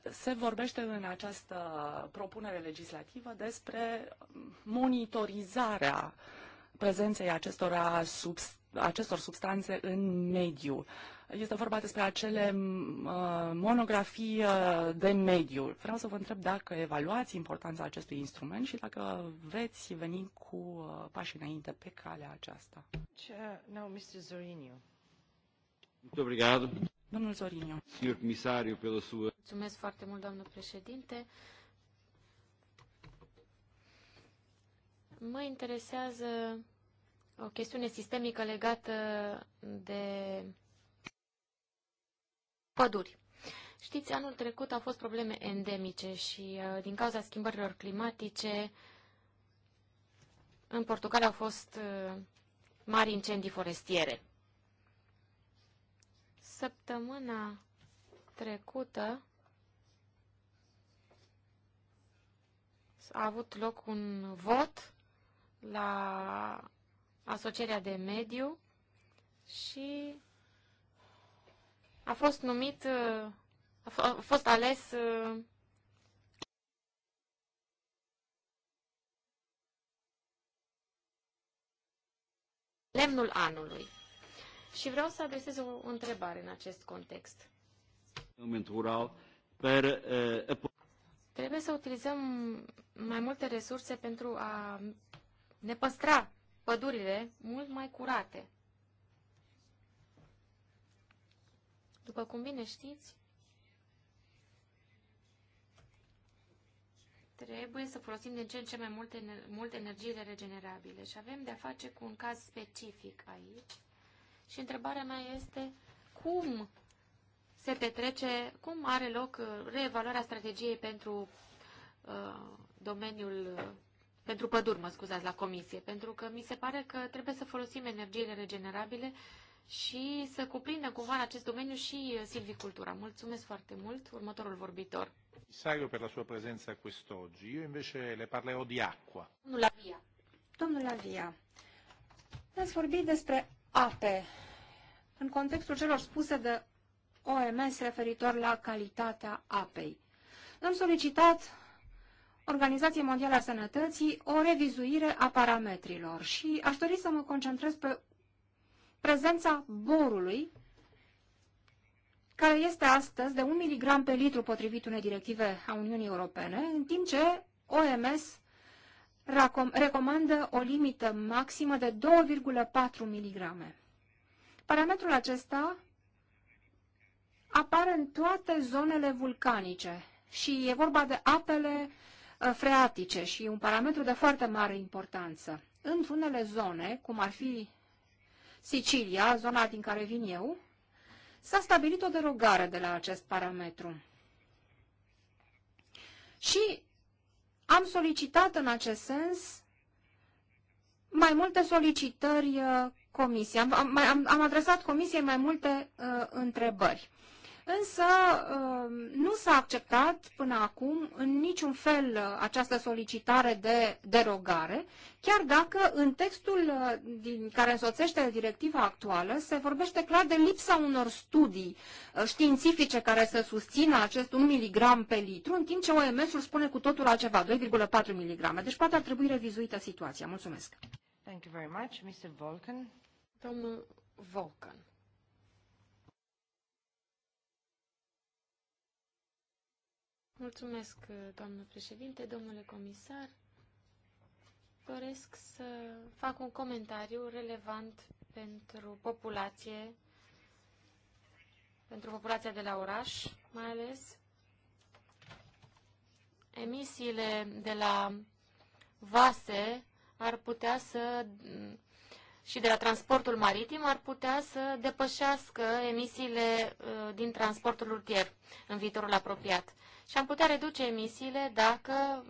Se vorbește în această propunere legislativă despre monitorizarea uh, prezenței acestora sub acestor substanțe în mediu. Este vorba despre acele uh, monografii uh, de mediu. Vreau să vă întreb dacă evaluați importanța acestui instrument și dacă veți veni cu uh, pași înainte pe calea aceasta. Domnul Zoriniu. Mulțumesc foarte mult, doamnă președinte. Mă interesează o chestiune sistemică legată de păduri. Știți, anul trecut au fost probleme endemice și uh, din cauza schimbărilor climatice în Portugalia au fost uh, mari incendii forestiere. Săptămâna trecută a avut loc un vot la Asocierea de Mediu și a fost numit, uh, a fost ales uh, lemnul anului. Și vreau să adresez o întrebare în acest context. Uh, Trebuie să utilizăm mai multe resurse pentru a ne păstra pădurile mult mai curate. După cum bine știți, trebuie să folosim din ce în ce mai multe, multe energiile regenerabile și avem de-a face cu un caz specific aici. Și întrebarea mea este cum se petrece, cum are loc uh, reevaluarea strategiei pentru uh, domeniul uh, pentru păduri, mă scuzați, la comisie, pentru că mi se pare că trebuie să folosim energiile regenerabile și să cuprindem cumva în acest domeniu și silvicultura. Mulțumesc foarte mult. Următorul vorbitor. Comisario pentru sua prezență quest'oggi. Eu, invece le parlerò di acqua. Domnul Avia. Domnul Avia, ați vorbit despre ape în contextul celor spuse de OMS referitor la calitatea apei. Am solicitat Organizației Mondiale a Sănătății o revizuire a parametrilor și aș dori să mă concentrez pe prezența borului, care este astăzi de 1 mg pe litru potrivit unei directive a Uniunii Europene, în timp ce OMS recomandă o limită maximă de 2,4 mg. Parametrul acesta apare în toate zonele vulcanice și e vorba de apele Uh, freatice și un parametru de foarte mare importanță. În unele zone, cum ar fi Sicilia, zona din care vin eu, s-a stabilit o derogare de la acest parametru. Și am solicitat în acest sens mai multe solicitări uh, comisiei. Am, am, am adresat comisiei mai multe uh, întrebări însă um, nu s-a acceptat până acum în niciun fel uh, această solicitare de derogare, chiar dacă în textul uh, din care însoțește directiva actuală se vorbește clar de lipsa unor studii uh, științifice care să susțină acest 1 mg pe litru, în timp ce OMS-ul spune cu totul altceva, 2,4 mg. Deci poate ar trebui revizuită situația. Mulțumesc. Thank you very much, Mr. Volkan. Domnul Volkan. Mulțumesc, uh, doamnă președinte, domnule comisar. Doresc să fac un comentariu relevant pentru populație, pentru populația de la oraș, mai ales. Emisiile de la vase ar putea să și de la transportul maritim ar putea să depășească emisiile uh, din transportul rutier în viitorul apropiat și am putea reduce emisiile dacă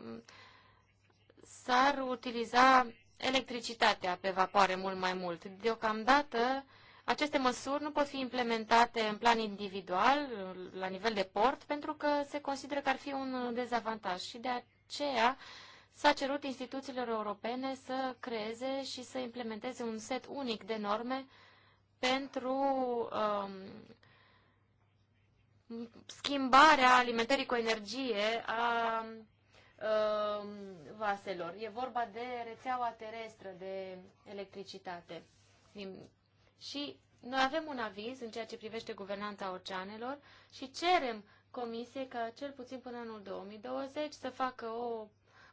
s-ar utiliza electricitatea pe vapoare mult mai mult. Deocamdată, aceste măsuri nu pot fi implementate în plan individual, la nivel de port, pentru că se consideră că ar fi un dezavantaj și de aceea s-a cerut instituțiilor europene să creeze și să implementeze un set unic de norme pentru um, schimbarea alimentării cu energie a vaselor. E vorba de rețeaua terestră de electricitate. Și noi avem un aviz în ceea ce privește guvernanța oceanelor și cerem Comisiei ca cel puțin până anul 2020 să facă o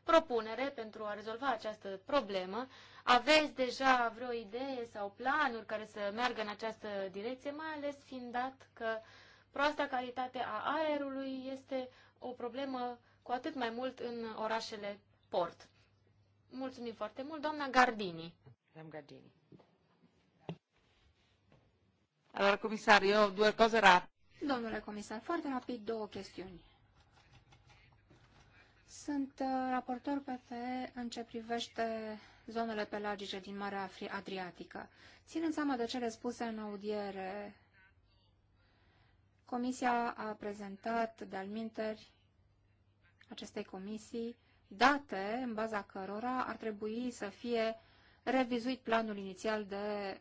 propunere pentru a rezolva această problemă. Aveți deja vreo idee sau planuri care să meargă în această direcție, mai ales fiind dat că uh, Proasta calitate a aerului este o problemă cu atât mai mult în orașele port. Mulțumim foarte mult, doamna Gardini. Doamna Gardini. comisar, eu două cose rapide. Domnule comisar, foarte rapid două chestiuni. Sunt uh, raportor pe în ce privește zonele pelagice din Marea Adriatică. Ținând seama de cele spuse în audiere Comisia a prezentat de-al minteri acestei comisii date în baza cărora ar trebui să fie revizuit planul inițial de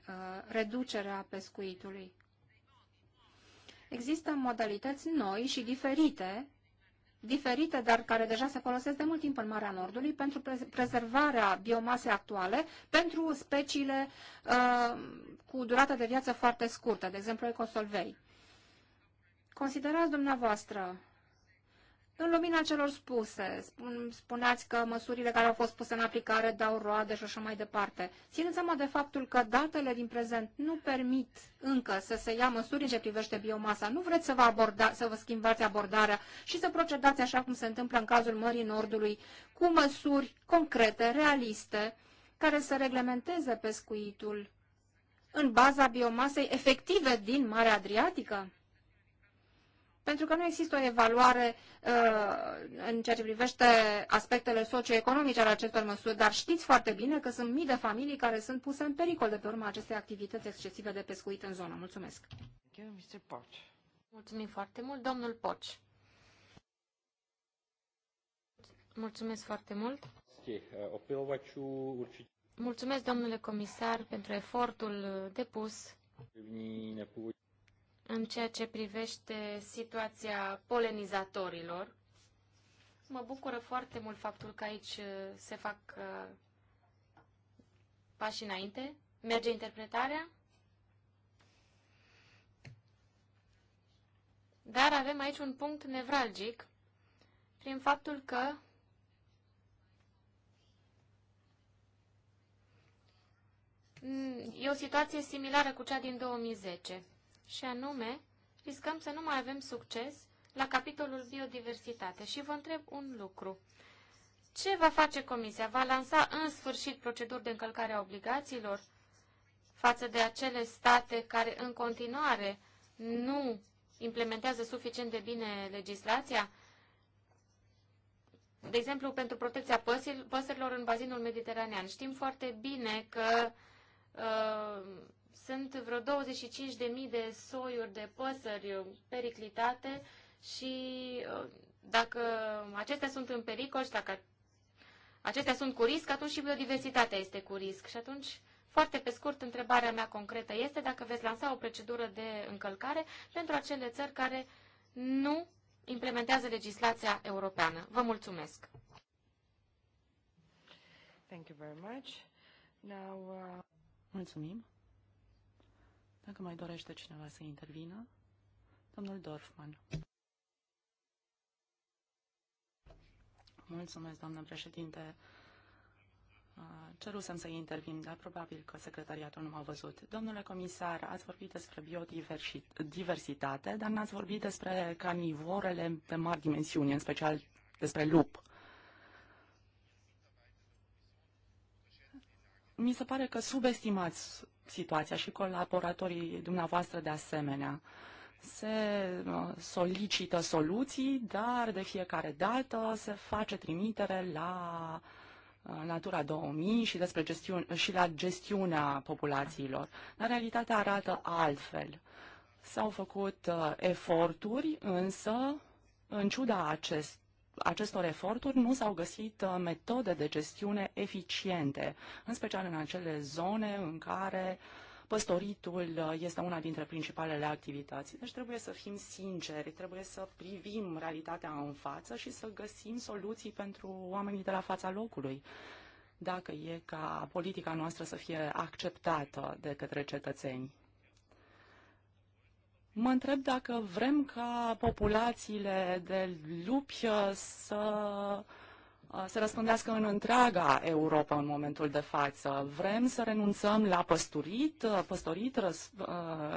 uh, reducere a pescuitului. Există modalități noi și diferite, diferite, dar care deja se folosesc de mult timp în Marea Nordului pentru prezervarea biomasei actuale pentru speciile uh, cu durată de viață foarte scurtă, de exemplu ecosolvei. Considerați dumneavoastră, în lumina celor spuse, spun, spuneați că măsurile care au fost puse în aplicare dau roade și așa mai departe. Țineți seama de faptul că datele din prezent nu permit încă să se ia măsuri în ce privește biomasa, nu vreți să vă, aborda, să vă schimbați abordarea și să procedați așa cum se întâmplă în cazul Mării Nordului, cu măsuri concrete, realiste, care să reglementeze pescuitul în baza biomasei efective din Marea Adriatică? pentru că nu există o evaluare uh, în ceea ce privește aspectele socioeconomice ale acestor măsuri, dar știți foarte bine că sunt mii de familii care sunt puse în pericol de pe urma acestei activități excesive de pescuit în zonă. Mulțumesc! Mulțumim foarte mult, domnul Poci! Mulțumesc foarte mult! Mulțumesc, domnule comisar, pentru efortul depus în ceea ce privește situația polenizatorilor. Mă bucură foarte mult faptul că aici uh, se fac uh, pași înainte. Merge interpretarea? Dar avem aici un punct nevralgic prin faptul că e o situație similară cu cea din 2010 și anume riscăm să nu mai avem succes la capitolul biodiversitate. Și vă întreb un lucru. Ce va face Comisia? Va lansa în sfârșit proceduri de încălcare a obligațiilor față de acele state care în continuare nu implementează suficient de bine legislația? De exemplu, pentru protecția păsărilor în bazinul mediteranean. Știm foarte bine că uh, sunt vreo 25.000 de soiuri de păsări periclitate și uh, dacă acestea sunt în pericol și dacă acestea sunt cu risc, atunci și biodiversitatea este cu risc. Și atunci, foarte pe scurt, întrebarea mea concretă este dacă veți lansa o procedură de încălcare pentru acele țări care nu implementează legislația europeană. Vă mulțumesc! Thank you very much. Now, uh... Mulțumim! Dacă mai dorește cineva să intervină, domnul Dorfman. Mulțumesc, doamnă președinte. Uh, cerusem să intervin, dar probabil că secretariatul nu m-a văzut. Domnule comisar, ați vorbit despre biodiversitate, dar n-ați vorbit despre carnivorele de mari dimensiuni, în special despre lup. mi se pare că subestimați situația și colaboratorii dumneavoastră de asemenea. Se uh, solicită soluții, dar de fiecare dată se face trimitere la uh, Natura 2000 și, despre gestiune, și la gestiunea populațiilor. Dar realitatea arată altfel. S-au făcut uh, eforturi, însă, în ciuda acest, acestor eforturi nu s-au găsit uh, metode de gestiune eficiente, în special în acele zone în care păstoritul uh, este una dintre principalele activități. Deci trebuie să fim sinceri, trebuie să privim realitatea în față și să găsim soluții pentru oamenii de la fața locului dacă e ca politica noastră să fie acceptată de către cetățeni. Mă întreb dacă vrem ca populațiile de lupi uh, să uh, se răspândească în întreaga Europa în momentul de față. Vrem să renunțăm la păsturit, uh, păstorit, răs,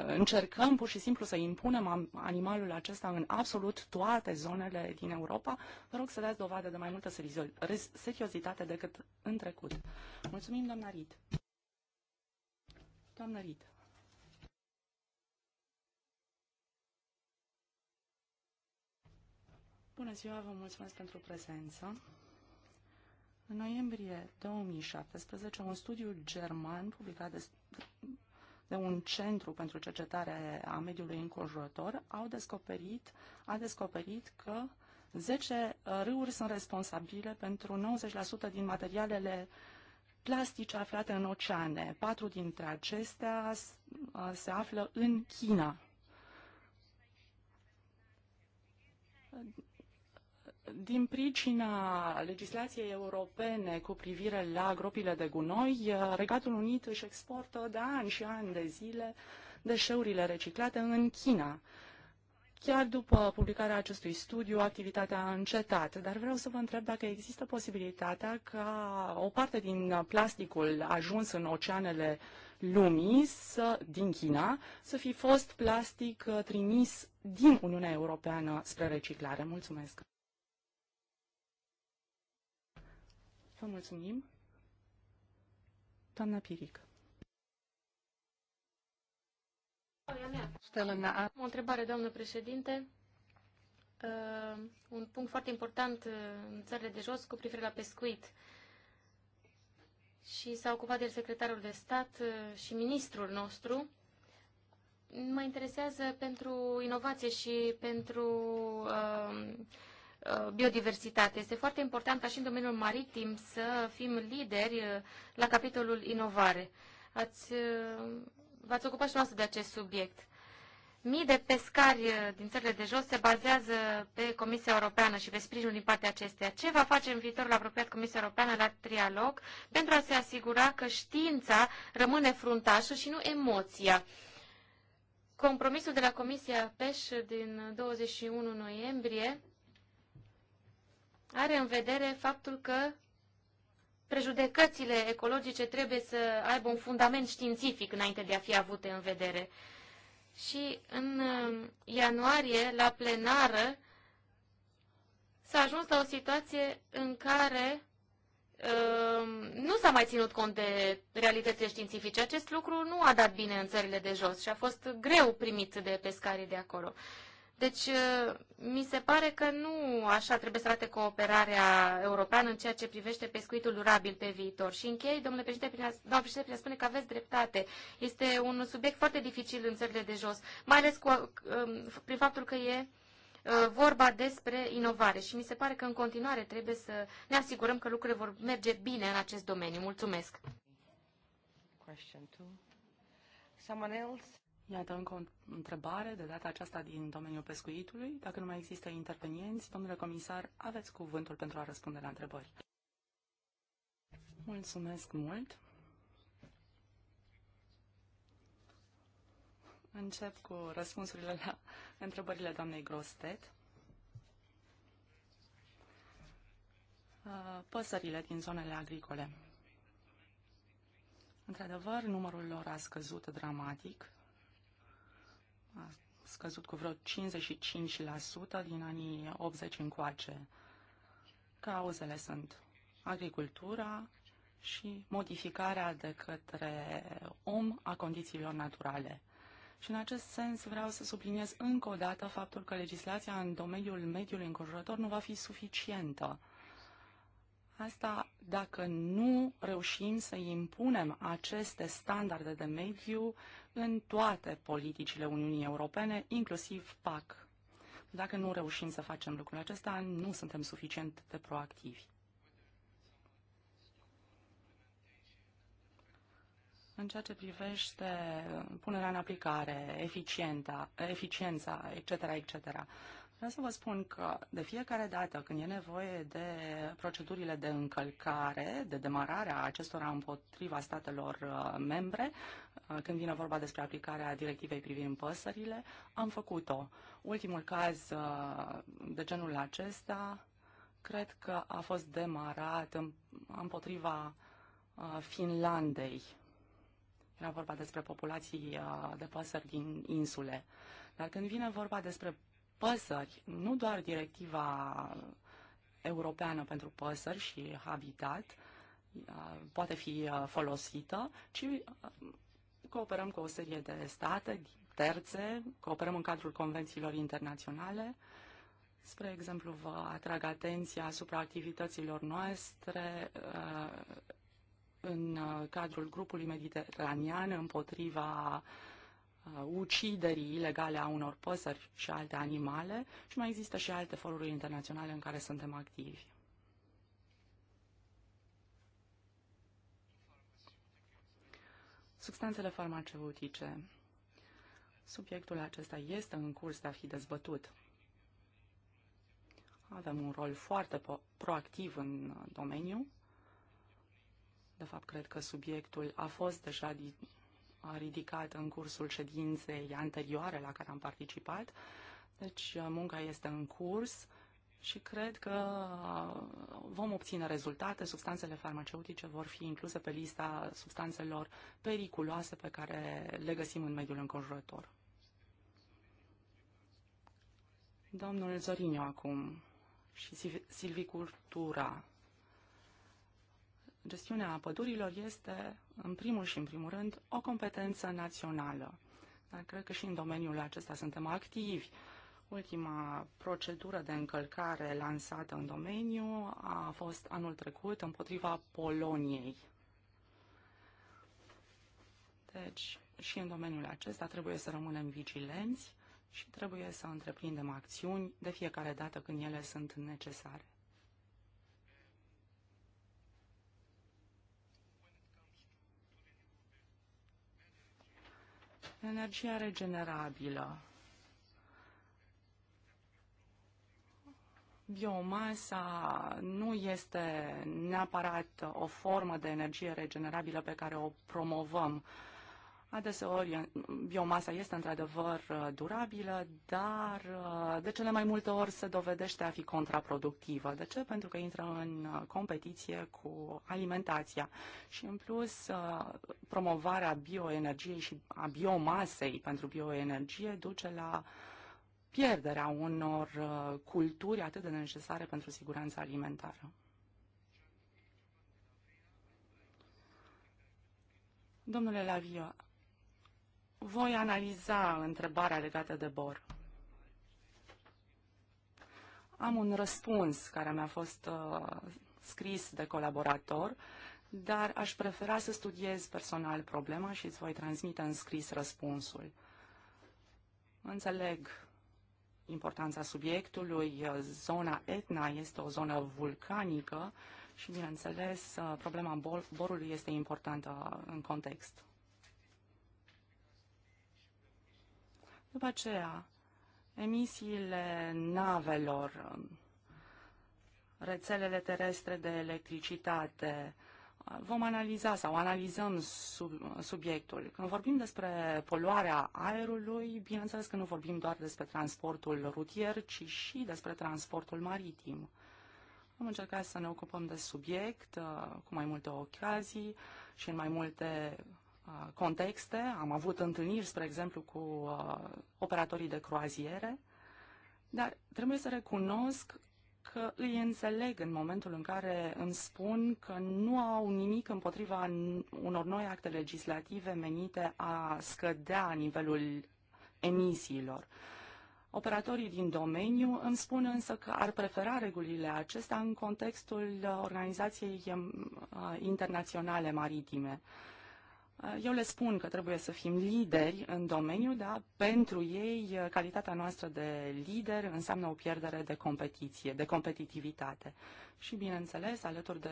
încercăm pur și simplu să impunem animalul acesta în absolut toate zonele din Europa. Vă rog să dați dovadă de mai multă seriozitate decât în trecut. Mulțumim, doamna Rit. Doamna Rit. Bună ziua, vă mulțumesc pentru prezență. În noiembrie 2017, un studiu german publicat de, de un centru pentru cercetare a mediului înconjurător au descoperit, a descoperit că 10 râuri sunt responsabile pentru 90% din materialele plastice aflate în oceane. Patru dintre acestea se află în China. Din pricina legislației europene cu privire la gropile de gunoi, Regatul Unit își exportă de ani și ani de zile deșeurile reciclate în China. Chiar după publicarea acestui studiu, activitatea a încetat, dar vreau să vă întreb dacă există posibilitatea ca o parte din plasticul ajuns în oceanele lumii să, din China să fi fost plastic trimis din Uniunea Europeană spre reciclare. Mulțumesc! Vă mulțumim. Doamna Piric. o întrebare, doamnă președinte. Uh, un punct foarte important uh, în țările de jos cu privire la pescuit. Și s-a ocupat el secretarul de stat uh, și ministrul nostru. Mă interesează pentru inovație și pentru uh, Uh, biodiversitate. Este foarte important ca și în domeniul maritim să fim lideri uh, la capitolul inovare. Ați, uh, v-ați ocupat și noastră de acest subiect. Mii de pescari din țările de jos se bazează pe Comisia Europeană și pe sprijinul din partea acesteia. Ce va face în viitorul apropiat Comisia Europeană la trialog pentru a se asigura că știința rămâne fruntașă și nu emoția? Compromisul de la Comisia PEș din 21 noiembrie are în vedere faptul că prejudecățile ecologice trebuie să aibă un fundament științific înainte de a fi avute în vedere. Și în uh, ianuarie, la plenară, s-a ajuns la o situație în care uh, nu s-a mai ținut cont de realitățile științifice. Acest lucru nu a dat bine în țările de jos și a fost greu primit de pescarii de acolo. Deci, uh, mi se pare că nu așa trebuie să arate cooperarea europeană în ceea ce privește pescuitul durabil pe viitor. Și închei, domnule președinte, prin a, doamnă președinte, prin a spune că aveți dreptate. Este un subiect foarte dificil în țările de jos, mai ales cu, uh, um, prin faptul că e uh, vorba despre inovare și mi se pare că în continuare trebuie să ne asigurăm că lucrurile vor merge bine în acest domeniu. Mulțumesc! Question two. Someone else? Iată încă o întrebare, de data aceasta din domeniul pescuitului. Dacă nu mai există intervenienți, domnule comisar, aveți cuvântul pentru a răspunde la întrebări. Mulțumesc mult. Încep cu răspunsurile la întrebările doamnei Grostet. Uh, păsările din zonele agricole. Într-adevăr, numărul lor a scăzut dramatic a scăzut cu vreo 55% din anii 80 încoace. Cauzele sunt agricultura și modificarea de către om a condițiilor naturale. Și în acest sens vreau să subliniez încă o dată faptul că legislația în domeniul mediului înconjurător nu va fi suficientă. Asta dacă nu reușim să impunem aceste standarde de mediu în toate politicile Uniunii Europene, inclusiv PAC. Dacă nu reușim să facem lucrul acesta, nu suntem suficient de proactivi. În ceea ce privește punerea în aplicare, eficiența, eficiența etc., etc., Vreau să vă spun că de fiecare dată când e nevoie de procedurile de încălcare, de demarare a acestora împotriva statelor uh, membre, uh, când vine vorba despre aplicarea directivei privind păsările, am făcut-o. Ultimul caz uh, de genul acesta cred că a fost demarat împotriva Finlandei. Era vorba despre populații de păsări din insule. Dar când vine vorba despre păsări, nu doar directiva europeană pentru păsări și habitat uh, poate fi uh, folosită, ci uh, cooperăm cu o serie de state terțe, cooperăm în cadrul convențiilor internaționale. Spre exemplu, vă atrag atenția asupra activităților noastre în cadrul grupului mediteranean împotriva uh, Uh, uciderii ilegale a unor păsări și alte animale și mai există și alte foruri internaționale în care suntem activi. Substanțele farmaceutice. Subiectul acesta este în curs de a fi dezbătut. Avem un rol foarte proactiv în domeniu. De fapt, cred că subiectul a fost deja ridicat în cursul ședinței anterioare la care am participat. Deci uh, munca este în curs și cred că uh, vom obține rezultate. Substanțele farmaceutice vor fi incluse pe lista substanțelor periculoase pe care le găsim în mediul înconjurător. Domnul Zorinio acum și Silvi gestiunea pădurilor este, în primul și în primul rând, o competență națională. Dar cred că și în domeniul acesta suntem activi. Ultima procedură de încălcare lansată în domeniu a fost anul trecut împotriva Poloniei. Deci, și în domeniul acesta trebuie să rămânem vigilenți și trebuie să întreprindem acțiuni de fiecare dată când ele sunt necesare. energia regenerabilă, biomasa nu este neapărat o formă de energie regenerabilă pe care o promovăm uh, Adeseori biomasa este într-adevăr uh, durabilă, dar uh, de cele mai multe ori se dovedește a fi contraproductivă. De ce? Pentru că intră în uh, competiție cu alimentația și în plus promovarea bioenergiei și a biomasei pentru bioenergie duce la pierderea unor culturi atât de necesare pentru siguranța alimentară. Domnule Lavia, voi analiza întrebarea legată de BOR. Am un răspuns care mi-a fost uh, scris de colaborator, dar aș prefera să studiez personal problema și îți voi transmite în scris răspunsul. Înțeleg importanța subiectului. Uh, zona Etna este o zonă vulcanică și, bineînțeles, uh, problema bor borului este importantă în context. După aceea, emisiile navelor, rețelele terestre de electricitate, vom analiza sau analizăm sub, subiectul. Când vorbim despre poluarea aerului, bineînțeles că nu vorbim doar despre transportul rutier, ci și despre transportul maritim. Am încercat să ne ocupăm de subiect uh, cu mai multe ocazii și în mai multe Uh, contexte. Am avut întâlniri, spre exemplu, cu uh, operatorii de croaziere, dar trebuie să recunosc că îi înțeleg în momentul în care îmi spun că nu au nimic împotriva unor noi acte legislative menite a scădea nivelul emisiilor. Operatorii din domeniu îmi spun însă că ar prefera regulile acestea în contextul uh, Organizației Internaționale Maritime. Uh, Eh, eu le spun că trebuie să fim lideri în domeniu, dar pentru ei eh, calitatea noastră de lider înseamnă o pierdere de competiție, de competitivitate. Și bineînțeles, alături de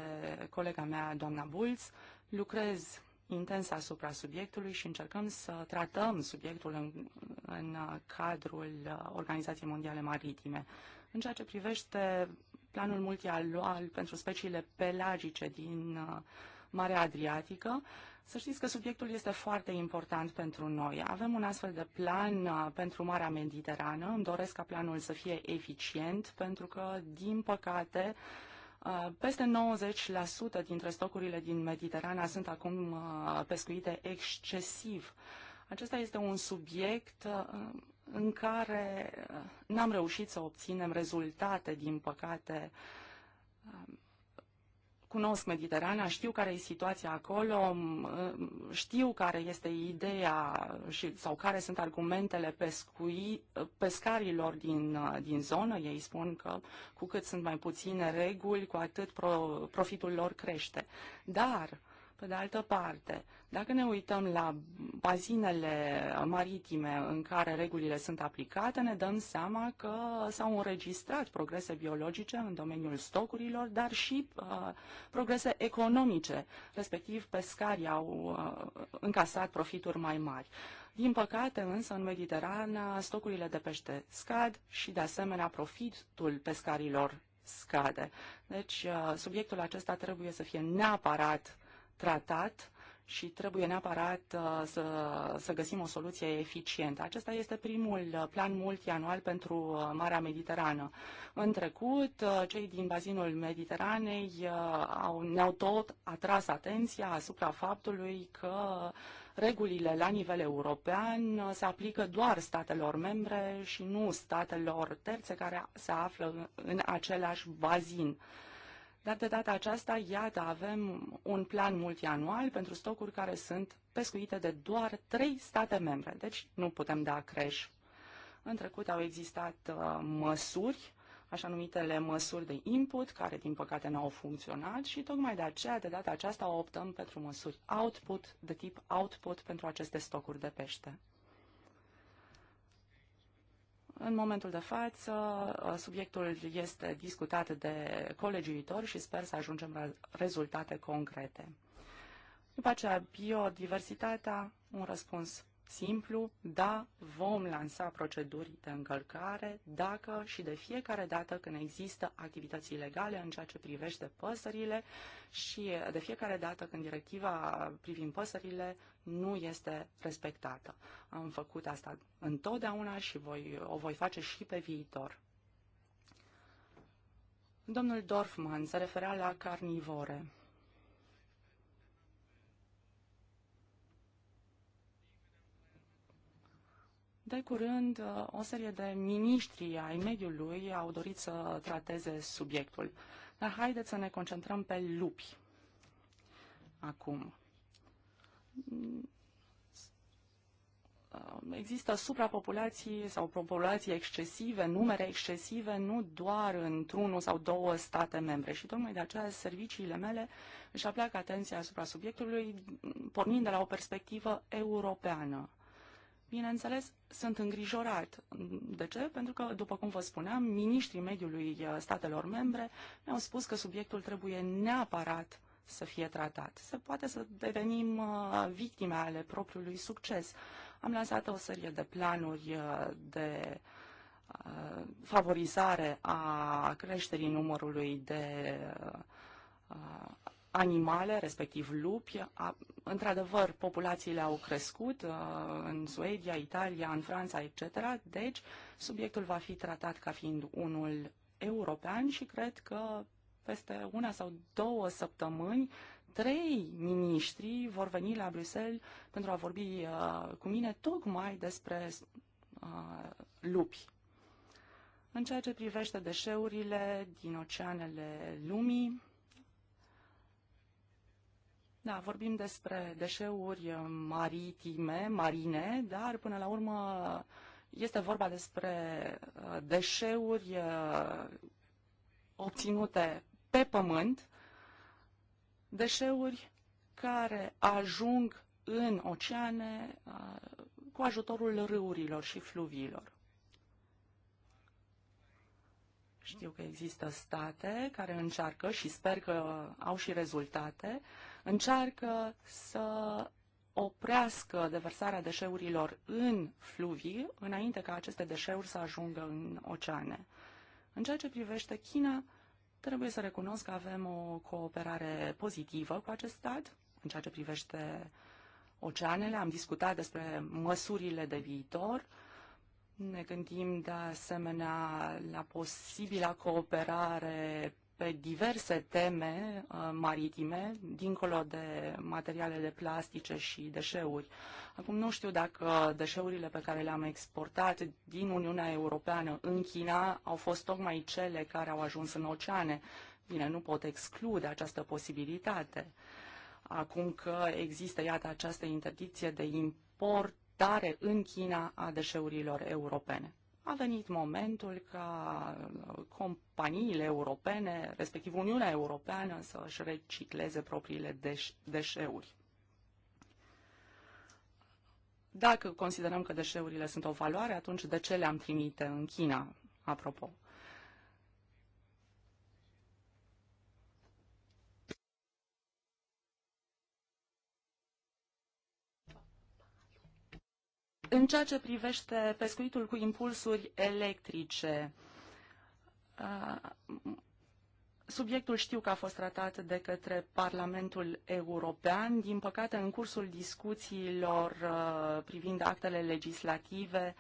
colega mea, doamna Bulț, lucrez intens asupra subiectului și încercăm să tratăm subiectul în, în eh, cadrul Organizației Mondiale Maritime. În ceea ce privește planul multianual pentru speciile pelagice din Marea Adriatică, să știți că subiectul este foarte important pentru noi. Avem un astfel de plan uh, pentru Marea Mediterană. Îmi doresc ca planul să fie eficient pentru că, din păcate, uh, peste 90% dintre stocurile din Mediterana sunt acum uh, pescuite excesiv. Acesta este un subiect în care n-am reușit să obținem rezultate, din păcate, uh, cunosc Mediterana, știu care e situația acolo, știu care este ideea și, sau care sunt argumentele pescui, pescarilor din, din zonă. Ei spun că cu cât sunt mai puține reguli, cu atât pro, profitul lor crește. Dar pe de altă parte, dacă ne uităm la bazinele maritime în care regulile sunt aplicate, ne dăm seama că s-au înregistrat progrese biologice în domeniul stocurilor, dar și uh, progrese economice, respectiv pescarii au uh, încasat profituri mai mari. Din păcate, însă, în Mediterana, stocurile de pește scad și, de asemenea, profitul pescarilor scade. Deci, uh, subiectul acesta trebuie să fie neapărat tratat și trebuie neapărat uh, să, să găsim o soluție eficientă. Acesta este primul uh, plan multianual pentru uh, Marea Mediterană. În trecut, cei din bazinul Mediteranei au, ne-au tot atras atenția asupra faptului că regulile la nivel european se aplică doar statelor membre și nu statelor terțe care se află în același bazin. Dar de data aceasta, iată, avem un plan multianual pentru stocuri care sunt pescuite de doar trei state membre. Deci nu putem da creș. În trecut au existat uh, măsuri așa numitele măsuri de input, care din păcate n-au funcționat și tocmai de aceea de data aceasta optăm pentru măsuri output, de tip output pentru aceste stocuri de pește. În momentul de față, uh, subiectul este discutat de colegii viitori și sper să ajungem la rezultate concrete. După aceea, biodiversitatea, un răspuns simplu, da, vom lansa proceduri de încălcare dacă și de fiecare dată când există activități ilegale în ceea ce privește păsările și de fiecare dată când directiva privind păsările nu este respectată. Am făcut asta întotdeauna și voi, o voi face și pe viitor. Domnul Dorfman se referea la carnivore. De curând, o serie de miniștri ai mediului au dorit să trateze subiectul. Dar haideți să ne concentrăm pe lupi acum. Mm, uh, există suprapopulații sau populații excesive, numere excesive, nu doar într-unul sau două state membre. Și tocmai de aceea serviciile mele își apleacă atenția asupra subiectului, pornind de la o perspectivă europeană. Bineînțeles, sunt îngrijorat. De ce? Pentru că, după cum vă spuneam, miniștrii mediului uh, statelor membre mi-au spus că subiectul trebuie neapărat să fie tratat. Se poate să devenim uh, victime ale propriului succes. Am lansat o serie de planuri uh, de uh, favorizare a creșterii numărului de animale, respectiv lupi. Într-adevăr, populațiile au crescut în Suedia, Italia, în Franța, etc. Deci, subiectul va fi tratat ca fiind unul european și cred că peste una sau două săptămâni, trei miniștri vor veni la Bruxelles pentru a vorbi uh, cu mine tocmai despre uh, lupi. În ceea ce privește deșeurile din oceanele lumii, da, vorbim despre deșeuri uh, maritime, marine, dar până la urmă este vorba despre uh, deșeuri uh, obținute pe pământ, deșeuri care ajung în oceane cu ajutorul râurilor și fluviilor. Știu că există state care încearcă și sper că au și rezultate, încearcă să oprească deversarea deșeurilor în fluvii înainte ca aceste deșeuri să ajungă în oceane. În ceea ce privește China, Trebuie să recunosc că avem o cooperare pozitivă cu acest stat în ceea ce privește oceanele. Am discutat despre măsurile de viitor. Ne gândim de asemenea la posibila cooperare pe diverse teme uh, maritime, dincolo de materialele plastice și deșeuri. Acum nu știu dacă deșeurile pe care le-am exportat din Uniunea Europeană în China au fost tocmai cele care au ajuns în oceane. Bine, nu pot exclude această posibilitate. Acum că există, iată, această interdicție de importare în China a deșeurilor europene a venit momentul ca companiile europene, respectiv Uniunea Europeană, să își recicleze propriile deș- deșeuri. Dacă considerăm că deșeurile sunt o valoare, atunci de ce le-am trimite în China, apropo? În ceea ce privește pescuitul cu impulsuri electrice, Subiectul știu că a fost tratat de către Parlamentul European. Din păcate, în cursul discuțiilor privind actele legislative,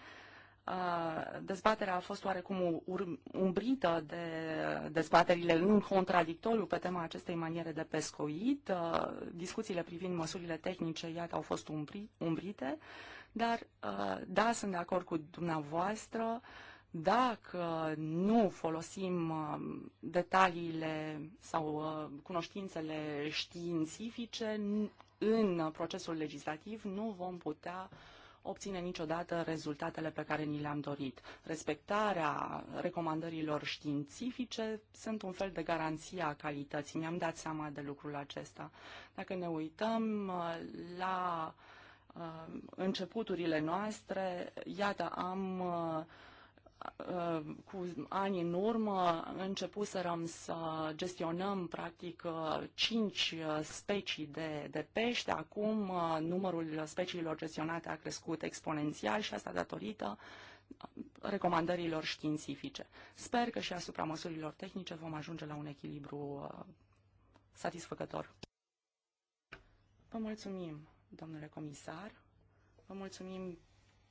dezbaterea a fost oarecum umbrită de dezbaterile în contradictoriu pe tema acestei maniere de pescuit. Discuțiile privind măsurile tehnice, iată, au fost umbrite. Dar, uh, da, sunt de acord cu dumneavoastră, dacă nu folosim uh, detaliile sau uh, cunoștințele științifice în procesul legislativ, nu vom putea obține niciodată rezultatele pe care ni le-am dorit. Respectarea recomandărilor științifice sunt un fel de garanție a calității. Mi-am dat seama de lucrul acesta. Dacă ne uităm la uh, Uh, începuturile noastre, iată, am uh, cu ani în urmă începuserăm să gestionăm practic uh, cinci specii de, de pește. Acum numărul speciilor gestionate a crescut exponențial și asta datorită recomandărilor științifice. Sper că și asupra măsurilor tehnice vom ajunge la un echilibru satisfăcător. Vă mulțumim! domnule comisar. Vă mulțumim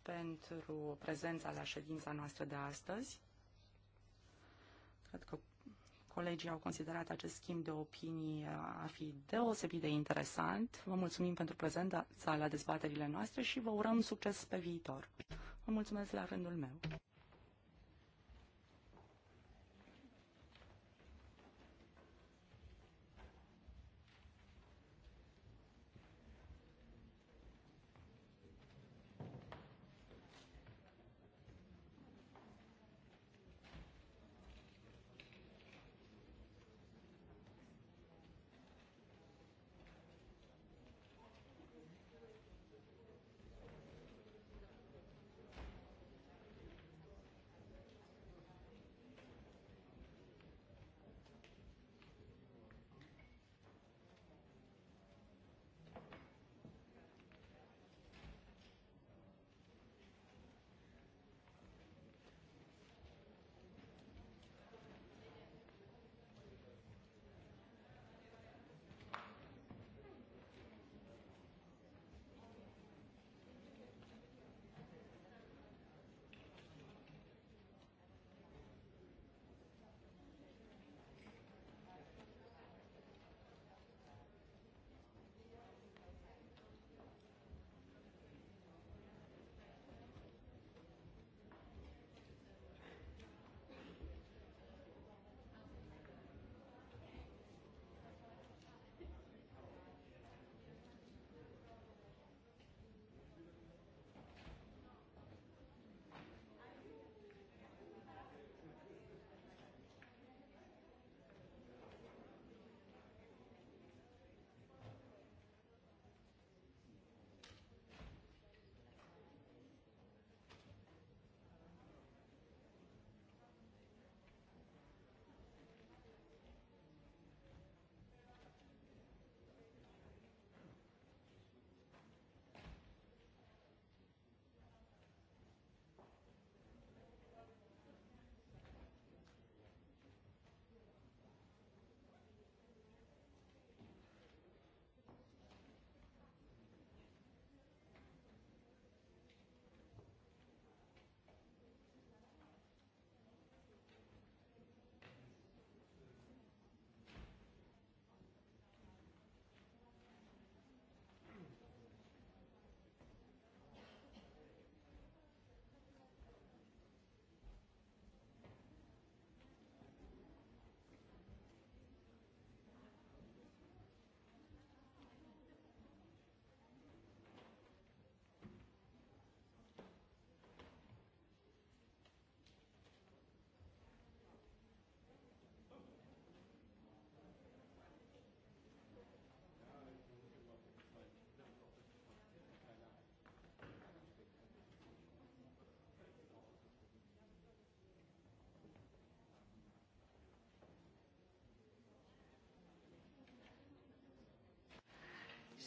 pentru prezența la ședința noastră de astăzi. Cred că colegii au considerat acest schimb de opinii a fi deosebit de interesant. Vă mulțumim pentru prezența la dezbaterile noastre și vă urăm succes pe viitor. Vă mulțumesc la rândul meu.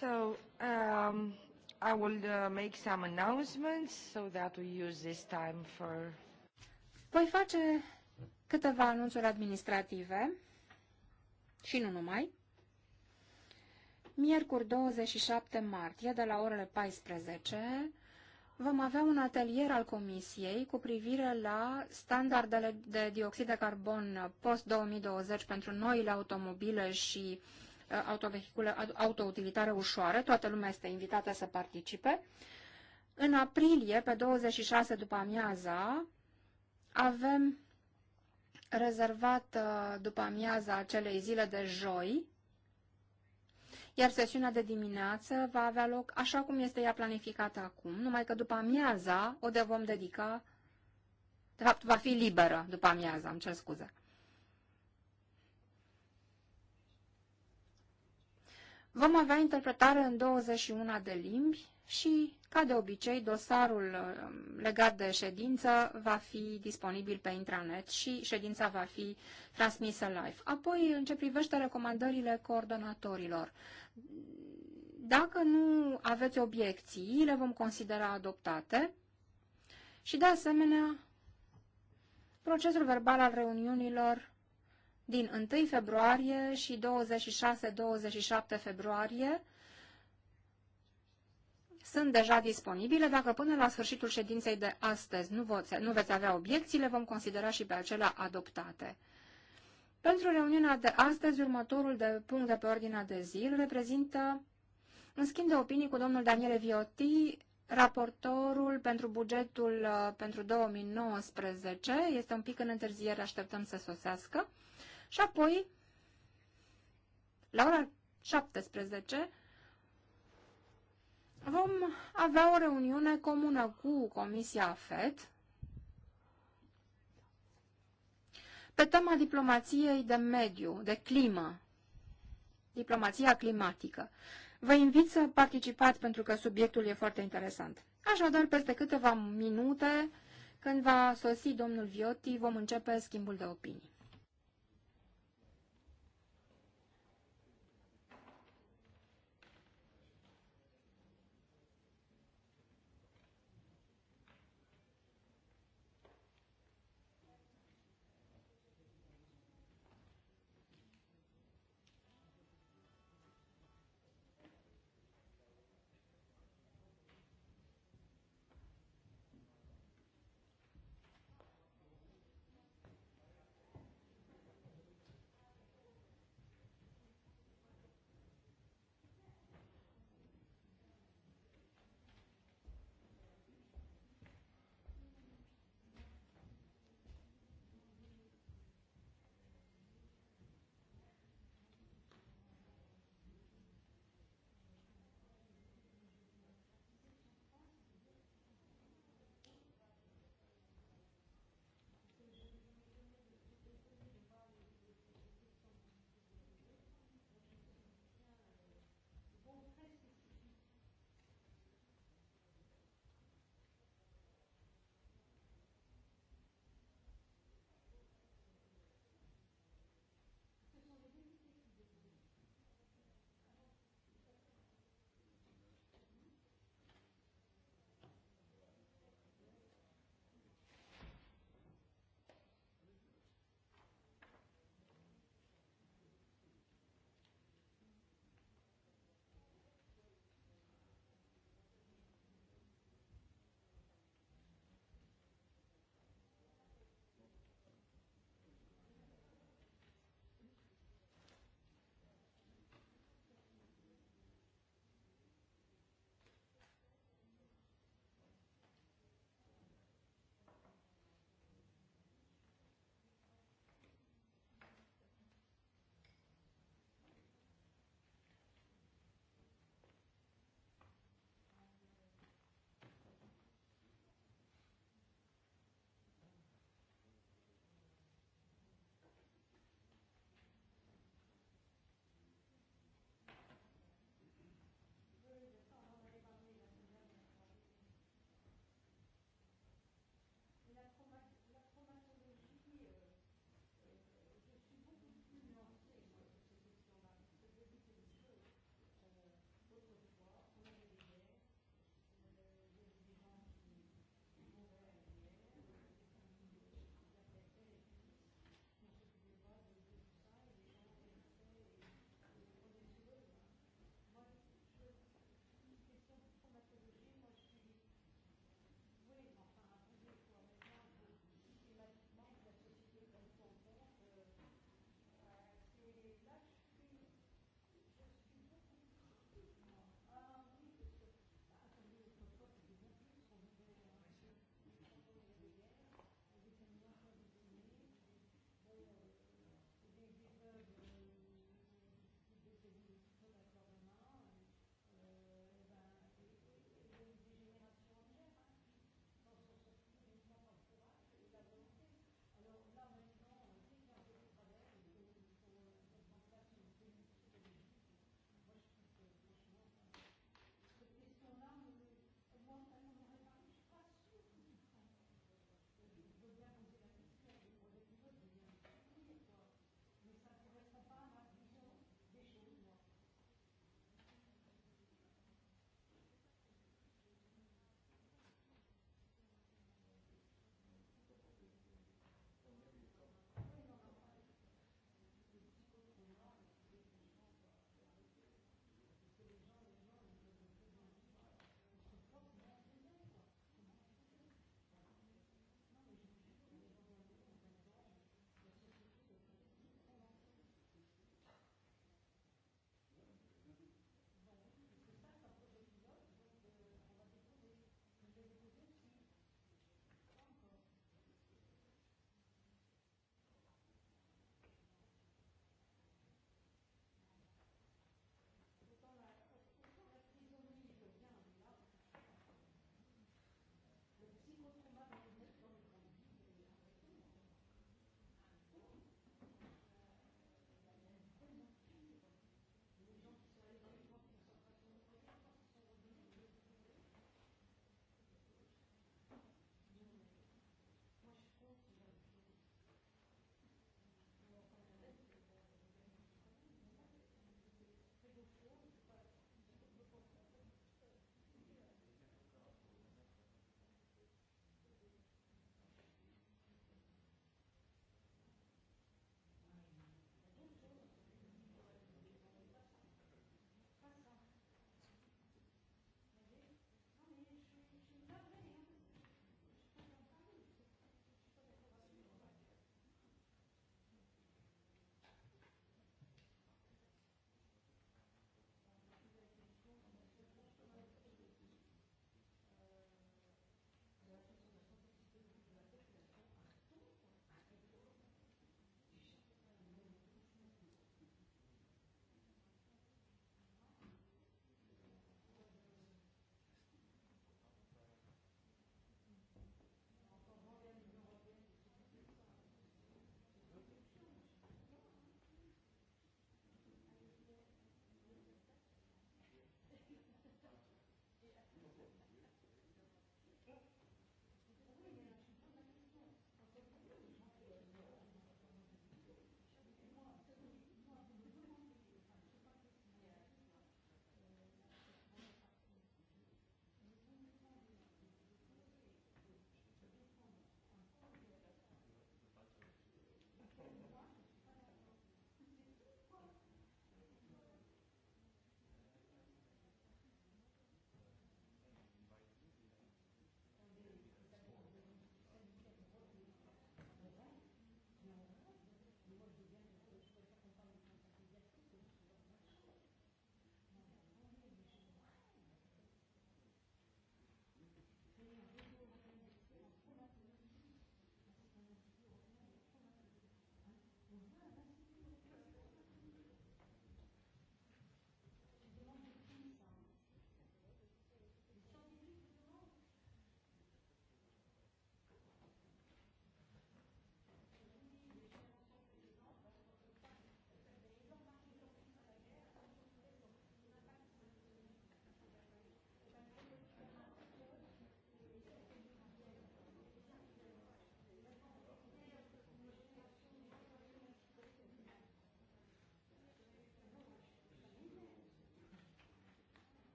So um, I will uh, make some announcements so that we use this time for. Voi face câteva anunțuri administrative și nu numai. Miercuri 27 martie, de la orele 14, vom avea un atelier al Comisiei cu privire la standardele de dioxid de carbon post-2020 pentru noile automobile și uh, Uh, autovehiculă autoutilitară ușoară. Toată lumea este invitată să participe. În aprilie, pe 26 după amiaza, avem rezervat uh, după amiaza acelei zile de joi, iar sesiunea de dimineață va avea loc așa cum este ea planificată acum, numai că după amiaza o de vom dedica, de fapt va fi liberă după amiaza, îmi cer scuze. Vom avea interpretare în 21 de limbi și, ca de obicei, dosarul um, legat de ședință va fi disponibil pe intranet și ședința va fi transmisă live. Apoi, în ce privește recomandările coordonatorilor, dacă nu aveți obiecții, le vom considera adoptate și, de asemenea, procesul verbal al reuniunilor din 1 februarie și 26-27 februarie sunt deja disponibile. Dacă până la sfârșitul ședinței de astăzi nu, nu veți avea obiecții, le vom considera și pe acelea adoptate. Pentru reuniunea de astăzi, următorul de punct de pe ordinea de zi îl reprezintă în schimb de opinii cu domnul Daniele Vioti, raportorul pentru bugetul uh, pentru 2019. Este un pic în întârziere, așteptăm să sosească. Și apoi, la ora 17, vom avea o reuniune comună cu Comisia FED pe tema diplomației de mediu, de climă, diplomația climatică. Vă invit să participați pentru că subiectul e foarte interesant. Așadar, peste câteva minute, când va sosi domnul Viotti, vom începe schimbul de opinii.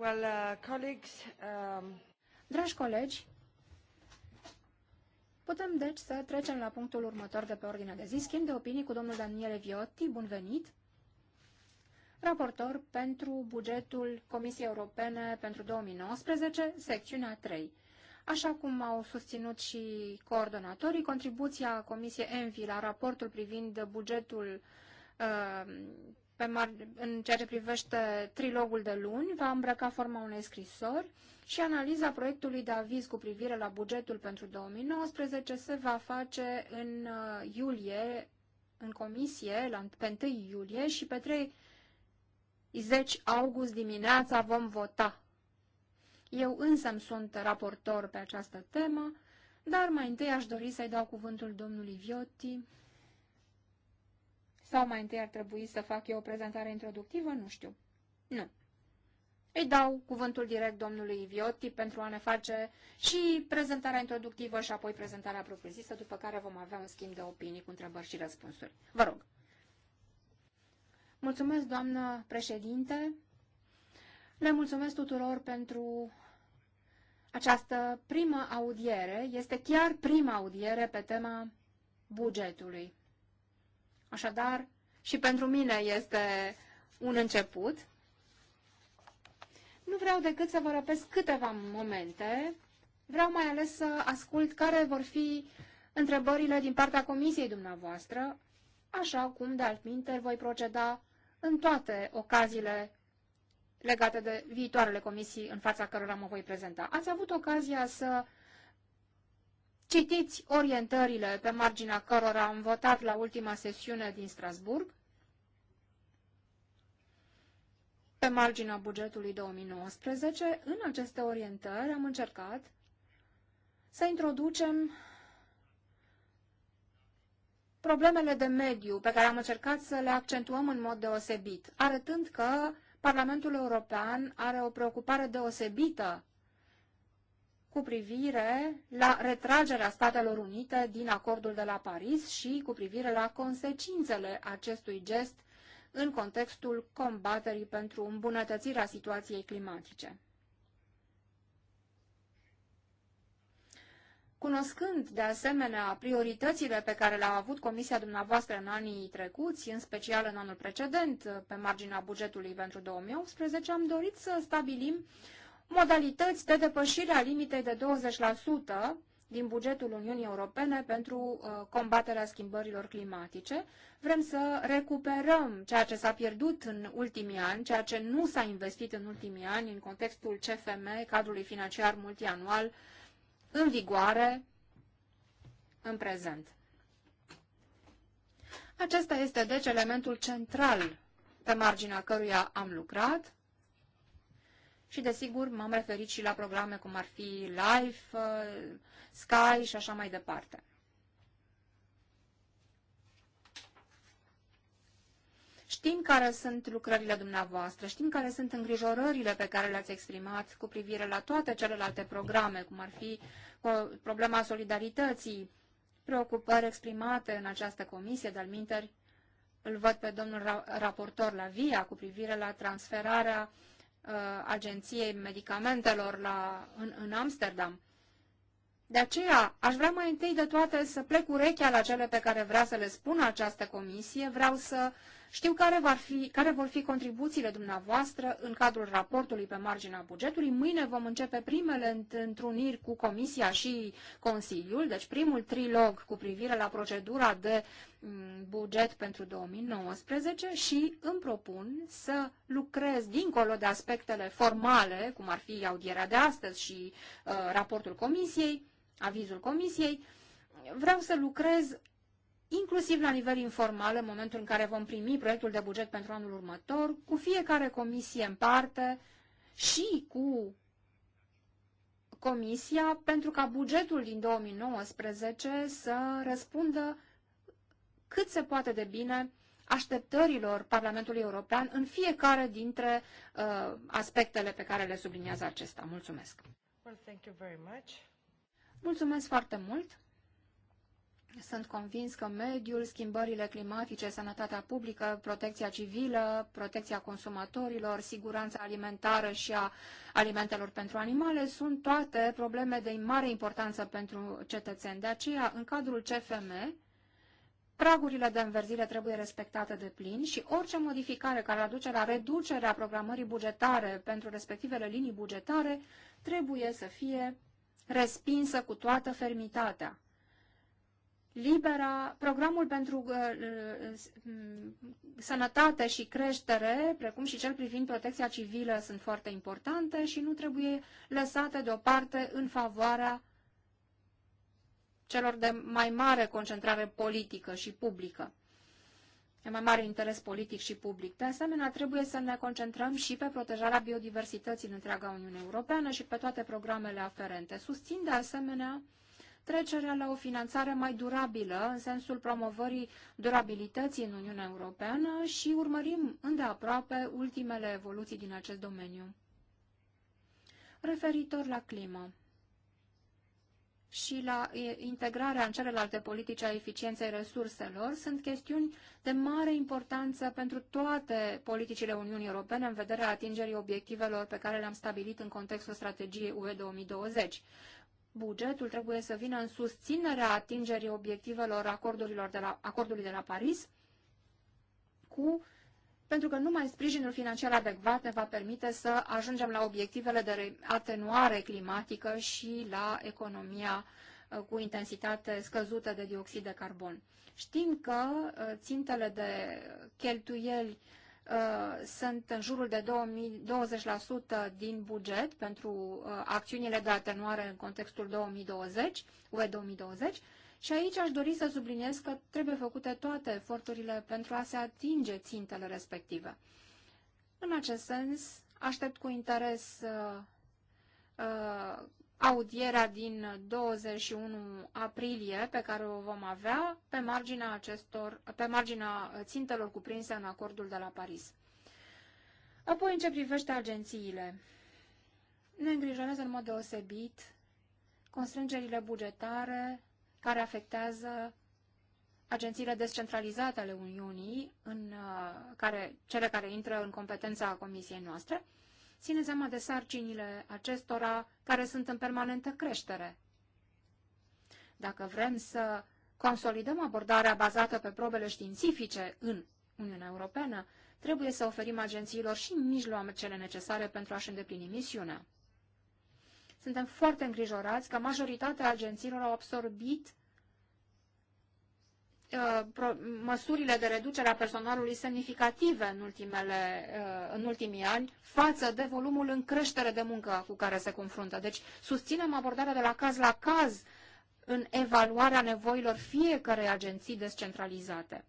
Well, uh, colleagues, um... Dragi colegi, putem deci să trecem la punctul următor de pe ordinea de zi. Schimb de opinii cu domnul Daniele Viotti, bun venit, raportor pentru bugetul Comisiei Europene pentru 2019, secțiunea 3. Așa cum au susținut și coordonatorii, contribuția Comisiei ENVI la raportul privind bugetul uh, pe în ceea ce privește trilogul de luni, va îmbrăca forma unei scrisori și analiza proiectului de aviz cu privire la bugetul pentru 2019 se va face în uh, iulie, în comisie, la, pe 1 iulie și pe 3 10 august dimineața vom vota. Eu însă sunt raportor pe această temă, dar mai întâi aș dori să-i dau cuvântul domnului Viotti sau mai întâi ar trebui să fac eu o prezentare introductivă? Nu știu. Nu. Îi dau cuvântul direct domnului Iviotti pentru a ne face și prezentarea introductivă și apoi prezentarea propriu-zisă, după care vom avea un schimb de opinii cu întrebări și răspunsuri. Vă rog. Mulțumesc, doamnă președinte. Le mulțumesc tuturor pentru această primă audiere. Este chiar prima audiere pe tema bugetului. Așadar, și pentru mine este un început. Nu vreau decât să vă răpesc câteva momente. Vreau mai ales să ascult care vor fi întrebările din partea comisiei dumneavoastră, așa cum, de altminteri, voi proceda în toate ocaziile legate de viitoarele comisii în fața cărora mă voi prezenta. Ați avut ocazia să Citiți orientările pe marginea cărora am votat la ultima sesiune din Strasburg, pe marginea bugetului 2019. În aceste orientări am încercat să introducem problemele de mediu pe care am încercat să le accentuăm în mod deosebit, arătând că Parlamentul European are o preocupare deosebită cu privire la retragerea Statelor Unite din acordul de la Paris și cu privire la consecințele acestui gest în contextul combaterii pentru îmbunătățirea situației climatice. Cunoscând, de asemenea, prioritățile pe care le-a avut Comisia dumneavoastră în anii trecuți, în special în anul precedent, pe marginea bugetului pentru 2018, am dorit să stabilim modalități de depășire a limitei de 20% din bugetul Uniunii Europene pentru uh, combaterea schimbărilor climatice. Vrem să recuperăm ceea ce s-a pierdut în ultimii ani, ceea ce nu s-a investit în ultimii ani în contextul CFM, cadrului financiar multianual, în vigoare în prezent. Acesta este deci elementul central pe marginea căruia am lucrat și, desigur, m-am referit și la programe cum ar fi Life, uh, Sky și așa mai departe. Știm care sunt lucrările dumneavoastră, știm care sunt îngrijorările pe care le-ați exprimat cu privire la toate celelalte programe, cum ar fi uh, problema solidarității, preocupări exprimate în această comisie, de-al minteri, îl văd pe domnul raportor la VIA cu privire la transferarea Uh, Agenției Medicamentelor la, în, în Amsterdam. De aceea, aș vrea mai întâi de toate să plec urechea la cele pe care vrea să le spună această comisie, vreau să uh, știu care, vor fi, care vor fi contribuțiile dumneavoastră în cadrul raportului pe marginea bugetului. Mâine vom începe primele întruniri cu Comisia și Consiliul, deci primul trilog cu privire la procedura de mm, buget pentru 2019 și îmi propun să lucrez dincolo de aspectele formale, cum ar fi audierea de astăzi și uh, raportul Comisiei, avizul Comisiei, vreau să lucrez inclusiv la nivel informal, în momentul în care vom primi proiectul de buget pentru anul următor, cu fiecare comisie în parte și cu comisia, pentru ca bugetul din 2019 să răspundă cât se poate de bine așteptărilor Parlamentului European în fiecare dintre uh, aspectele pe care le subliniază acesta. Mulțumesc! Well, thank you very much. Mulțumesc foarte mult! Sunt convins că mediul, schimbările climatice, sănătatea publică, protecția civilă, protecția consumatorilor, siguranța alimentară și a alimentelor pentru animale sunt toate probleme de mare importanță pentru cetățeni. De aceea, în cadrul CFM, Pragurile de înverzire trebuie respectate de plin și orice modificare care aduce la reducerea programării bugetare pentru respectivele linii bugetare trebuie să fie respinsă cu toată fermitatea libera, programul pentru uh, uh, sănătate și creștere, precum și cel privind protecția civilă, sunt foarte importante și nu trebuie lăsate deoparte în favoarea celor de mai mare concentrare politică și publică e mai mare interes politic și public. De asemenea, trebuie să ne concentrăm și pe protejarea biodiversității în întreaga Uniune Europeană și pe toate programele aferente. Susțin, de asemenea, trecerea la o finanțare mai durabilă, în sensul promovării durabilității în Uniunea Europeană și urmărim îndeaproape ultimele evoluții din acest domeniu. Referitor la climă și la integrarea în celelalte politici a eficienței resurselor sunt chestiuni de mare importanță pentru toate politicile Uniunii Europene în vederea atingerii obiectivelor pe care le-am stabilit în contextul strategiei UE 2020 bugetul trebuie să vină în susținerea atingerii obiectivelor acordurilor de la, acordului de la Paris, cu, pentru că numai sprijinul financiar adecvat ne va permite să ajungem la obiectivele de atenuare climatică și la economia uh, cu intensitate scăzută de dioxid de carbon. Știm că uh, țintele de cheltuieli Uh, sunt în jurul de 20% din buget pentru uh, acțiunile de atenuare în contextul 2020, UE 2020, și aici aș dori să subliniez că trebuie făcute toate eforturile pentru a se atinge țintele respective. În acest sens, aștept cu interes uh, uh audierea din 21 aprilie pe care o vom avea pe marginea, acestor, pe marginea țintelor cuprinse în acordul de la Paris. Apoi, în ce privește agențiile, ne îngrijorează în mod deosebit constrângerile bugetare care afectează agențiile descentralizate ale Uniunii, în, uh, care, cele care intră în competența Comisiei noastre, ține seama de sarcinile acestora care sunt în permanentă creștere. Dacă vrem să consolidăm abordarea bazată pe probele științifice în Uniunea Europeană, trebuie să oferim agențiilor și mijloacele necesare pentru a-și îndeplini misiunea. Suntem foarte îngrijorați că majoritatea agențiilor au absorbit Uh, măsurile de reducere a personalului semnificative în, ultimele, uh, în ultimii ani față de volumul în creștere de muncă cu care se confruntă. Deci susținem abordarea de la caz la caz în evaluarea nevoilor fiecarei agenții descentralizate.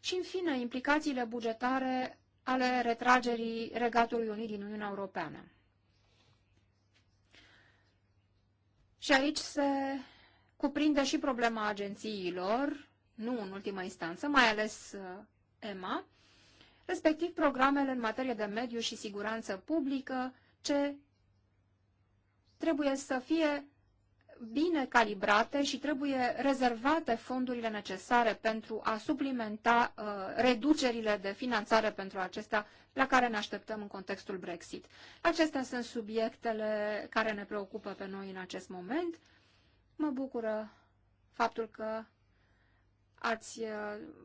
Și, în fine, implicațiile bugetare ale retragerii Regatului Unit din Uniunea Europeană. Și aici se cuprinde și problema agențiilor, nu în ultimă instanță, mai ales uh, EMA, respectiv programele în materie de mediu și siguranță publică, ce trebuie să fie bine calibrate și trebuie rezervate fondurile necesare pentru a suplimenta uh, reducerile de finanțare pentru acestea la care ne așteptăm în contextul Brexit. Acestea sunt subiectele care ne preocupă pe noi în acest moment. Mă bucură faptul că ați, uh,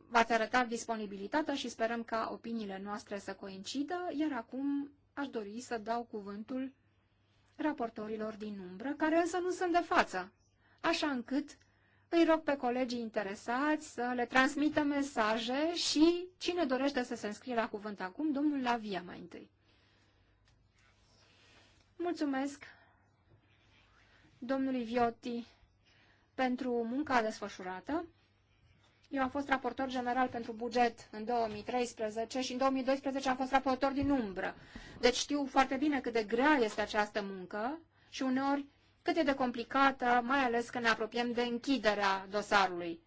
v-ați arătat disponibilitatea și sperăm ca opiniile noastre să coincidă, iar acum aș dori să dau cuvântul raportorilor din umbră, care însă nu sunt de față, așa încât îi rog pe colegii interesați să le transmită mesaje și cine dorește să se înscrie la cuvânt acum, domnul Lavia mai întâi. Mulțumesc domnului Viotti pentru munca desfășurată. Eu am fost raportor general pentru buget în 2013 și în 2012 am fost raportor din umbră. Deci știu foarte bine cât de grea este această muncă și uneori cât e de complicată, mai ales când ne apropiem de închiderea dosarului,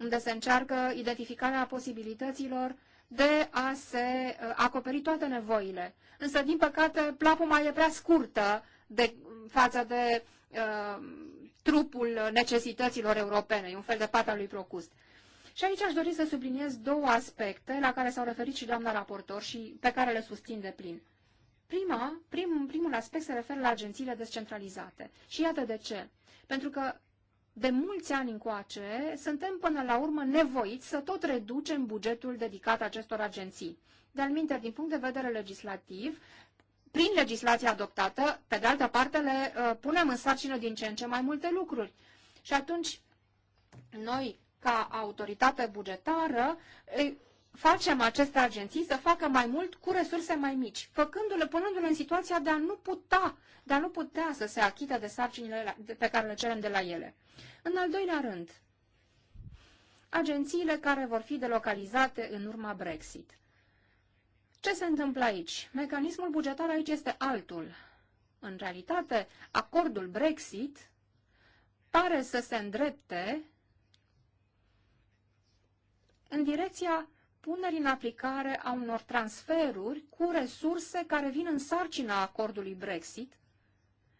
unde se încearcă identificarea posibilităților de a se uh, acoperi toate nevoile. Însă, din păcate, plapuma e prea scurtă de, față de uh, trupul necesităților europene, e un fel de pata lui Procust. Și aici aș dori să subliniez două aspecte la care s-au referit și doamna raportor și pe care le susțin de plin. Prima, prim, primul aspect se referă la agențiile descentralizate. Și iată de ce. Pentru că de mulți ani încoace suntem până la urmă nevoiți să tot reducem bugetul dedicat acestor agenții. De-al minte, din punct de vedere legislativ, prin legislația adoptată, pe de altă parte, le uh, punem în sarcină din ce în ce mai multe lucruri. Și atunci, noi ca autoritate bugetară, facem aceste agenții să facă mai mult cu resurse mai mici, făcându-le, punându-le în situația de a nu putea, de a nu putea să se achite de sarcinile pe care le cerem de la ele. În al doilea rând, agențiile care vor fi delocalizate în urma Brexit. Ce se întâmplă aici? Mecanismul bugetar aici este altul. În realitate, acordul Brexit pare să se îndrepte în direcția punerii în aplicare a unor transferuri cu resurse care vin în sarcina acordului Brexit,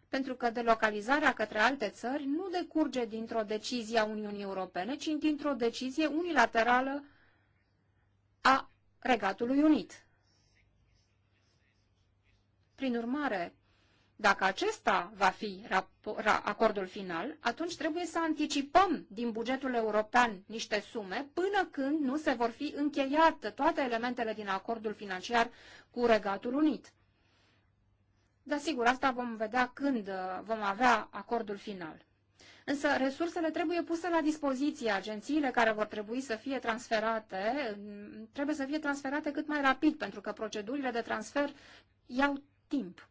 pentru că delocalizarea către alte țări nu decurge dintr-o decizie a Uniunii Europene, ci dintr-o decizie unilaterală a Regatului Unit. Prin urmare, dacă acesta va fi acordul final, atunci trebuie să anticipăm din bugetul european niște sume până când nu se vor fi încheiate toate elementele din acordul financiar cu Regatul Unit. Dar sigur, asta vom vedea când uh, vom avea acordul final. Însă resursele trebuie puse la dispoziție. Agențiile care vor trebui să fie transferate trebuie să fie transferate cât mai rapid, pentru că procedurile de transfer iau timp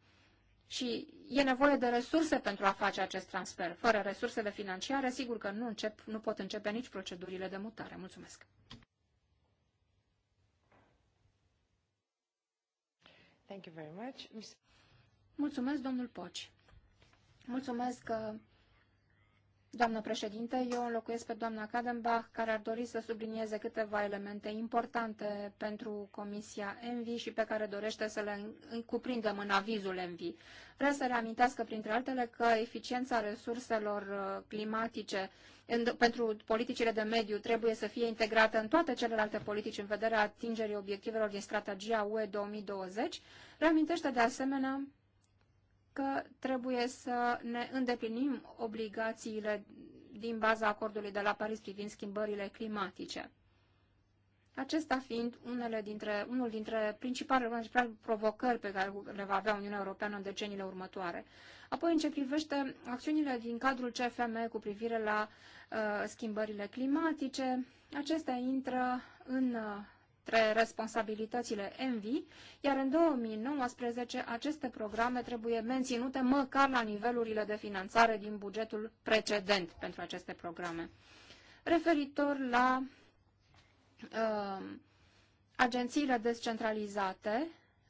și e nevoie de resurse pentru a face acest transfer. Fără resursele financiare, sigur că nu, încep, nu pot începe nici procedurile de mutare. Mulțumesc! Thank you very much. Mulțumesc, domnul Poci. Mulțumesc că Doamnă președinte, eu înlocuiesc pe doamna Kadenbach, care ar dori să sublinieze câteva elemente importante pentru Comisia ENVI și pe care dorește să le cuprindem în avizul ENVI. Vreau să reamintească, printre altele, că eficiența resurselor uh, climatice în, pentru politicile de mediu trebuie să fie integrată în toate celelalte politici în vederea atingerii obiectivelor din strategia UE 2020. Reamintește, de asemenea, că trebuie să ne îndeplinim obligațiile din baza acordului de la Paris privind schimbările climatice. Acesta fiind unele dintre, unul dintre principalele provocări pe care le va avea Uniunea Europeană în deceniile următoare. Apoi, în ce privește acțiunile din cadrul CFM cu privire la uh, schimbările climatice, acestea intră în uh, între responsabilitățile ENVI, iar în 2019 aceste programe trebuie menținute măcar la nivelurile de finanțare din bugetul precedent pentru aceste programe. Referitor la uh, agențiile descentralizate,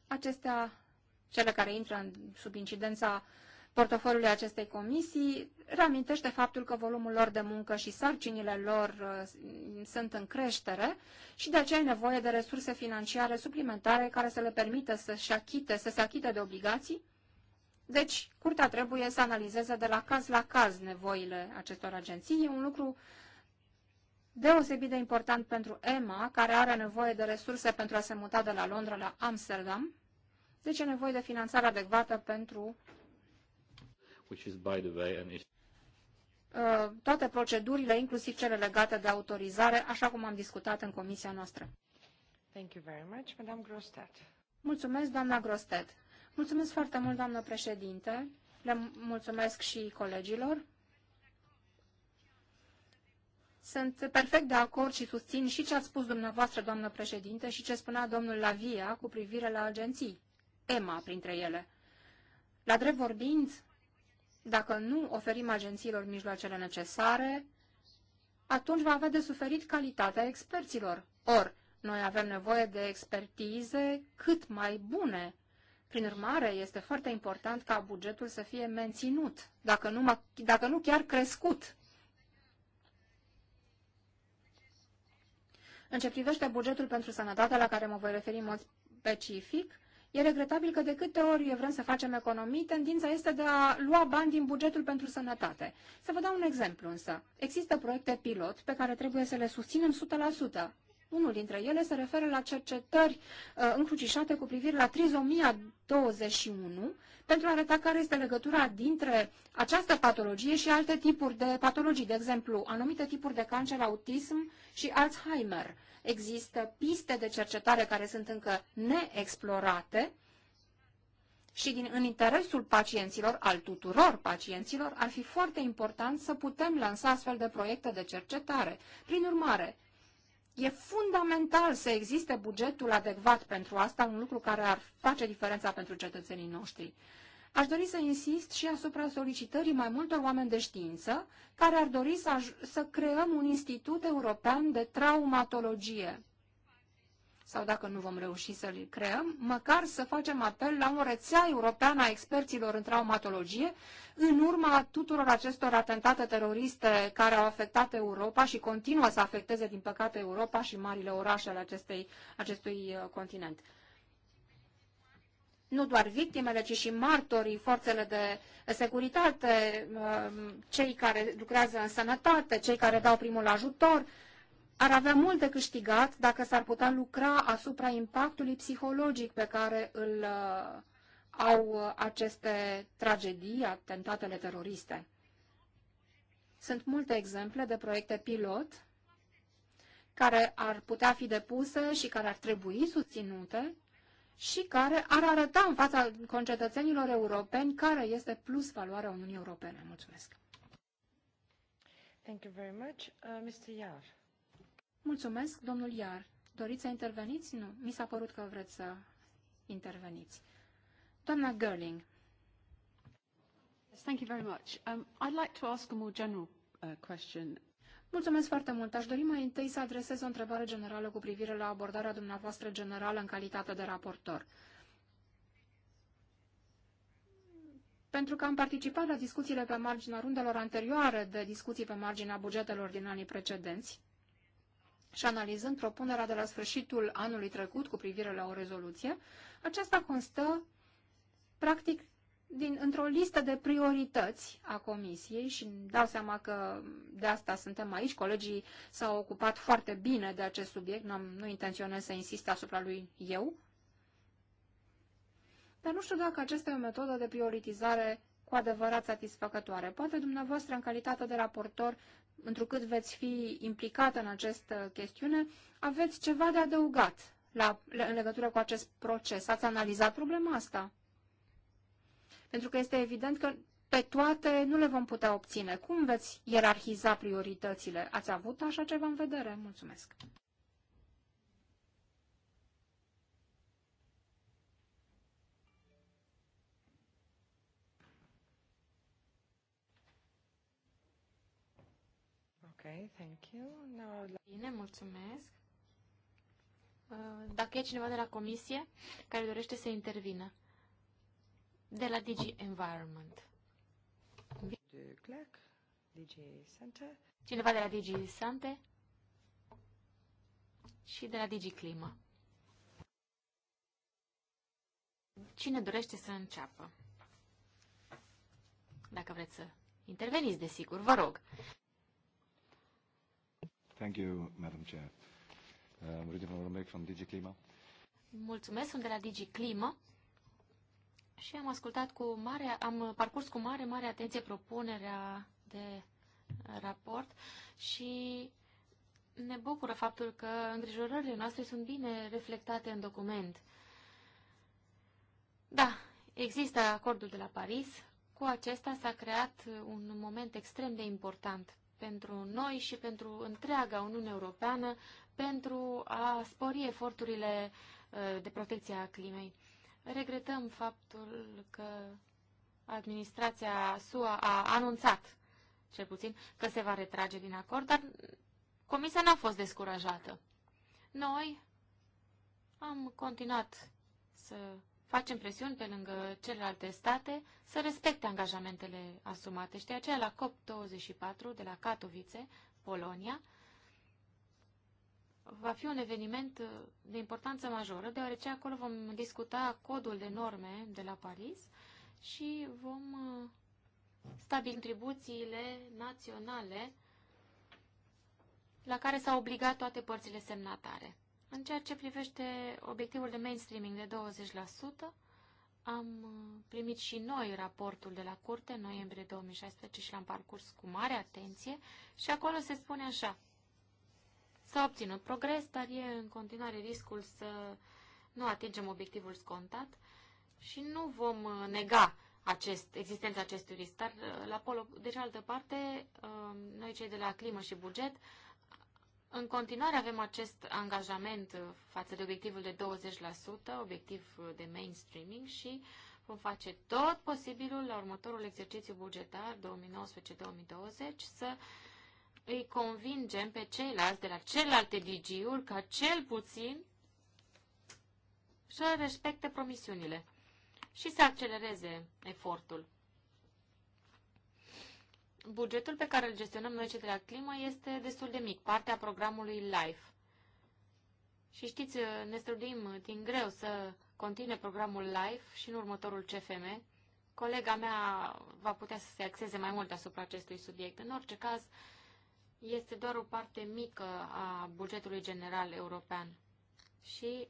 acestea, cele care intră în, sub incidența uh, portofoliului acestei comisii reamintește faptul că volumul lor de muncă și sarcinile lor uh, sunt în creștere și de aceea e nevoie de resurse financiare suplimentare care să le permită să-și achite, să se achite de obligații. Deci, curtea trebuie să analizeze de la caz la caz nevoile acestor agenții. E un lucru deosebit de important pentru EMA, care are nevoie de resurse pentru a se muta de la Londra la Amsterdam. Deci e nevoie de finanțare adecvată pentru which is by the way an issue uh, toate procedurile, inclusiv cele legate de autorizare, așa cum am discutat în comisia noastră. Thank you very much, Grostet. Mulțumesc, doamna Grostet. Mulțumesc foarte mult, doamnă președinte. Le mulțumesc și colegilor. Sunt perfect de acord și susțin și ce a spus dumneavoastră, doamnă președinte, și ce spunea domnul Lavia cu privire la agenții, EMA printre ele. La drept vorbind, dacă nu oferim agențiilor mijloacele necesare, atunci va avea de suferit calitatea experților. Or, noi avem nevoie de expertize cât mai bune. Prin urmare, este foarte important ca bugetul să fie menținut, dacă nu, dacă nu chiar crescut. În ce privește bugetul pentru sănătate, la care mă voi referi în mod specific, E regretabil că de câte ori vrem să facem economii, tendința este de a lua bani din bugetul pentru sănătate. Să vă dau un exemplu însă. Există proiecte pilot pe care trebuie să le susținem 100%. Unul dintre ele se referă la cercetări uh, încrucișate cu privire la trizomia 21 pentru a arăta care este legătura dintre această patologie și alte tipuri de patologii, de exemplu, anumite tipuri de cancer, autism și Alzheimer. Uh, există piste de cercetare care sunt încă neexplorate și din, în interesul pacienților, al tuturor pacienților, ar fi foarte important să putem lansa astfel de proiecte de cercetare. Prin urmare, E fundamental să existe bugetul adecvat pentru asta, un lucru care ar face diferența pentru cetățenii noștri. Aș dori să insist și asupra solicitării mai multor oameni de știință care ar dori să, să creăm un institut european de traumatologie. Sau dacă nu vom reuși să-l creăm, măcar să facem apel la o rețea europeană a experților în traumatologie în urma tuturor acestor atentate teroriste care au afectat Europa și continuă să afecteze, din păcate, Europa și marile orașe ale acestei, acestui uh, continent nu doar victimele, ci și martorii, forțele de securitate, um, cei care lucrează în sănătate, cei care dau primul ajutor, ar avea mult de câștigat dacă s-ar putea lucra asupra impactului psihologic pe care îl uh, au aceste tragedii, atentatele teroriste. Sunt multe exemple de proiecte pilot care ar putea fi depuse și care ar trebui susținute și care ar arăta în fața concetățenilor europeni care este plus valoarea Uniunii Europene. Mulțumesc! Thank you very much. Uh, Mr. Iar. Mulțumesc, domnul Iar. Doriți să interveniți? Nu. Mi s-a părut că vreți să interveniți. Doamna Gerling. Yes, thank you very much. Um, I'd like to ask a more general uh, question Mulțumesc foarte mult. Aș dori mai întâi să adresez o întrebare generală cu privire la abordarea dumneavoastră generală în calitate de raportor. Pentru că am participat la discuțiile pe marginea rundelor anterioare de discuții pe marginea bugetelor din anii precedenți și analizând propunerea de la sfârșitul anului trecut cu privire la o rezoluție, aceasta constă practic din, într-o listă de priorități a comisiei și îmi dau seama că de asta suntem aici, colegii s-au ocupat foarte bine de acest subiect, nu, nu intenționez să insist asupra lui eu, dar nu știu dacă aceasta e o metodă de prioritizare cu adevărat satisfăcătoare. Poate dumneavoastră, în calitate de raportor, întrucât veți fi implicat în această chestiune, aveți ceva de adăugat la, în legătură cu acest proces. Ați analizat problema asta? Pentru că este evident că pe toate nu le vom putea obține. Cum veți ierarhiza prioritățile? Ați avut așa ceva în vedere? Mulțumesc! Okay, thank you. Now Bine, mulțumesc. Uh, dacă e cineva de la comisie care dorește să intervină de la Digi Environment. De Clac, Digi Sante. Cineva de la Digi Sante și de la Digi Clima. Cine dorește să înceapă? Dacă vreți să interveniți, desigur, vă rog. Thank you, Madam Chair. Uh, Rudy van Rombeek from DigiClima. Mulțumesc, sunt de la DigiClima și am ascultat cu mare, am parcurs cu mare, mare atenție propunerea de raport și ne bucură faptul că îngrijorările noastre sunt bine reflectate în document. Da, există acordul de la Paris. Cu acesta s-a creat un moment extrem de important pentru noi și pentru întreaga Uniune Europeană pentru a spori eforturile uh, de protecție a climei regretăm faptul că administrația SUA a anunțat, cel puțin, că se va retrage din acord, dar comisia n-a fost descurajată. Noi am continuat să facem presiuni pe lângă celelalte state să respecte angajamentele asumate și de aceea la COP24 de la Katowice, Polonia, va fi un eveniment uh, de importanță majoră, deoarece acolo vom discuta codul de norme de la Paris și vom uh, stabili contribuțiile naționale la care s-au obligat toate părțile semnatare. În ceea ce privește obiectivul de mainstreaming de 20%, am uh, primit și noi raportul de la curte în noiembrie 2016 și l-am parcurs cu mare atenție și acolo se spune așa – S-a obținut progres, dar e în continuare riscul să nu atingem obiectivul scontat și nu vom uh, nega acest, existența acestui risc. Dar, uh, la polo, de cealaltă parte, um, noi cei de la climă și buget, în continuare avem acest angajament uh, față de obiectivul de 20%, obiectiv de mainstreaming și vom face tot posibilul la următorul exercițiu bugetar 2019-2020 să îi convingem pe ceilalți de la celelalte digiuri ca cel puțin să respecte promisiunile și să accelereze efortul. Bugetul pe care îl gestionăm noi cei de la climă este destul de mic, partea programului LIFE. Și știți, ne străduim din greu să continue programul LIFE și în următorul CFM. Colega mea va putea să se axeze mai mult asupra acestui subiect. În orice caz, este doar o parte mică a bugetului general european și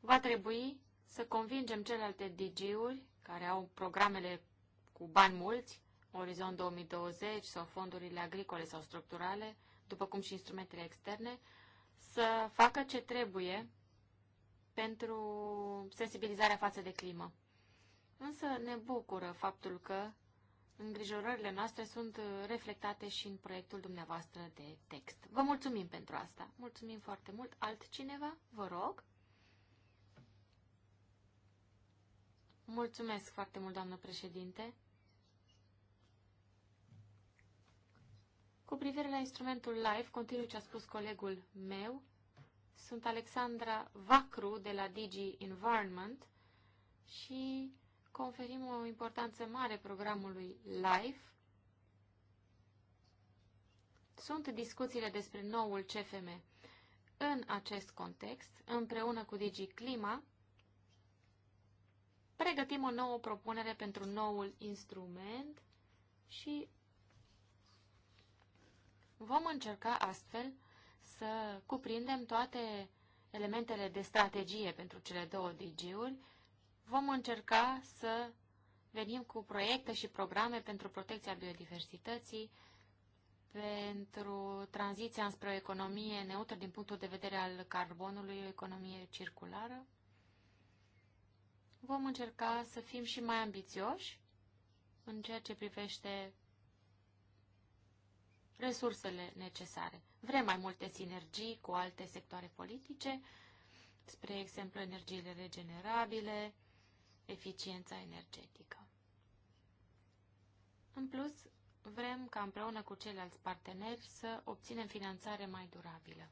va trebui să convingem celelalte DG-uri care au programele cu bani mulți, Orizont 2020 sau fondurile agricole sau structurale, după cum și instrumentele externe, să facă ce trebuie pentru sensibilizarea față de climă. Însă ne bucură faptul că îngrijorările noastre sunt uh, reflectate și în proiectul dumneavoastră de text. Vă mulțumim pentru asta. Mulțumim foarte mult. Altcineva? Vă rog. Mulțumesc foarte mult, doamnă președinte. Cu privire la instrumentul live, continuu ce a spus colegul meu, sunt Alexandra Vacru de la Digi Environment și conferim o importanță mare programului LIFE. Sunt discuțiile despre noul CFM. În acest context, împreună cu Digi Clima, pregătim o nouă propunere pentru noul instrument și vom încerca astfel să cuprindem toate elementele de strategie pentru cele două DG-uri vom încerca să venim cu proiecte și programe pentru protecția biodiversității, pentru tranziția înspre o economie neutră din punctul de vedere al carbonului, o economie circulară. Vom încerca să fim și mai ambițioși în ceea ce privește resursele necesare. Vrem mai multe sinergii cu alte sectoare politice, spre exemplu energiile regenerabile, eficiența energetică. În plus, vrem ca împreună cu ceilalți parteneri să obținem finanțare mai durabilă.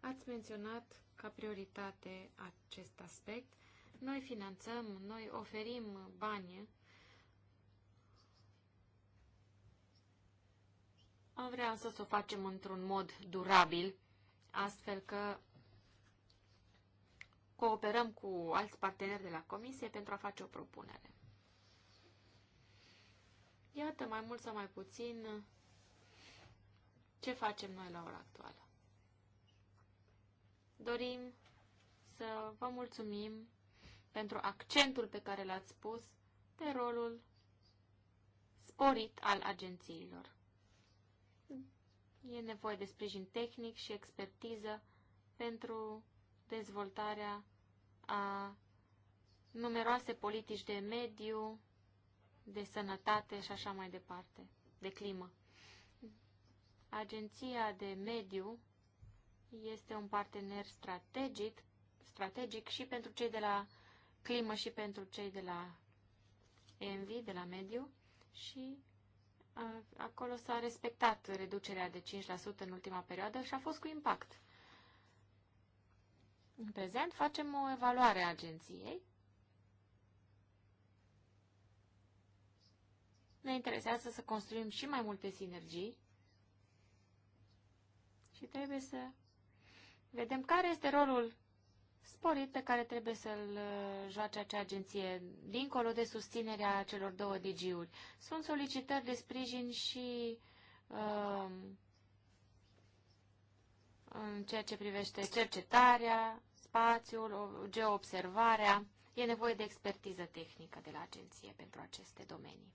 Ați menționat ca prioritate acest aspect. Noi finanțăm, noi oferim bani. Am vrea să o facem într-un mod durabil, astfel că cooperăm cu alți parteneri de la Comisie pentru a face o propunere. Iată mai mult sau mai puțin ce facem noi la ora actuală. Dorim să vă mulțumim pentru accentul pe care l-ați pus pe rolul sporit al agențiilor. E nevoie de sprijin tehnic și expertiză pentru dezvoltarea a numeroase politici de mediu, de sănătate și așa mai departe, de climă. Agenția de mediu este un partener strategic, strategic și pentru cei de la climă și pentru cei de la ENVI, de la mediu și acolo s-a respectat reducerea de 5% în ultima perioadă și a fost cu impact. În prezent facem o evaluare a agenției. Ne interesează să construim și mai multe sinergii și trebuie să vedem care este rolul sporit pe care trebuie să-l uh, joace acea agenție, dincolo de susținerea celor două DG-uri. Sunt solicitări de sprijin și uh, în ceea ce privește cercetarea, spațiul, geoobservarea. E nevoie de expertiză tehnică de la agenție pentru aceste domenii.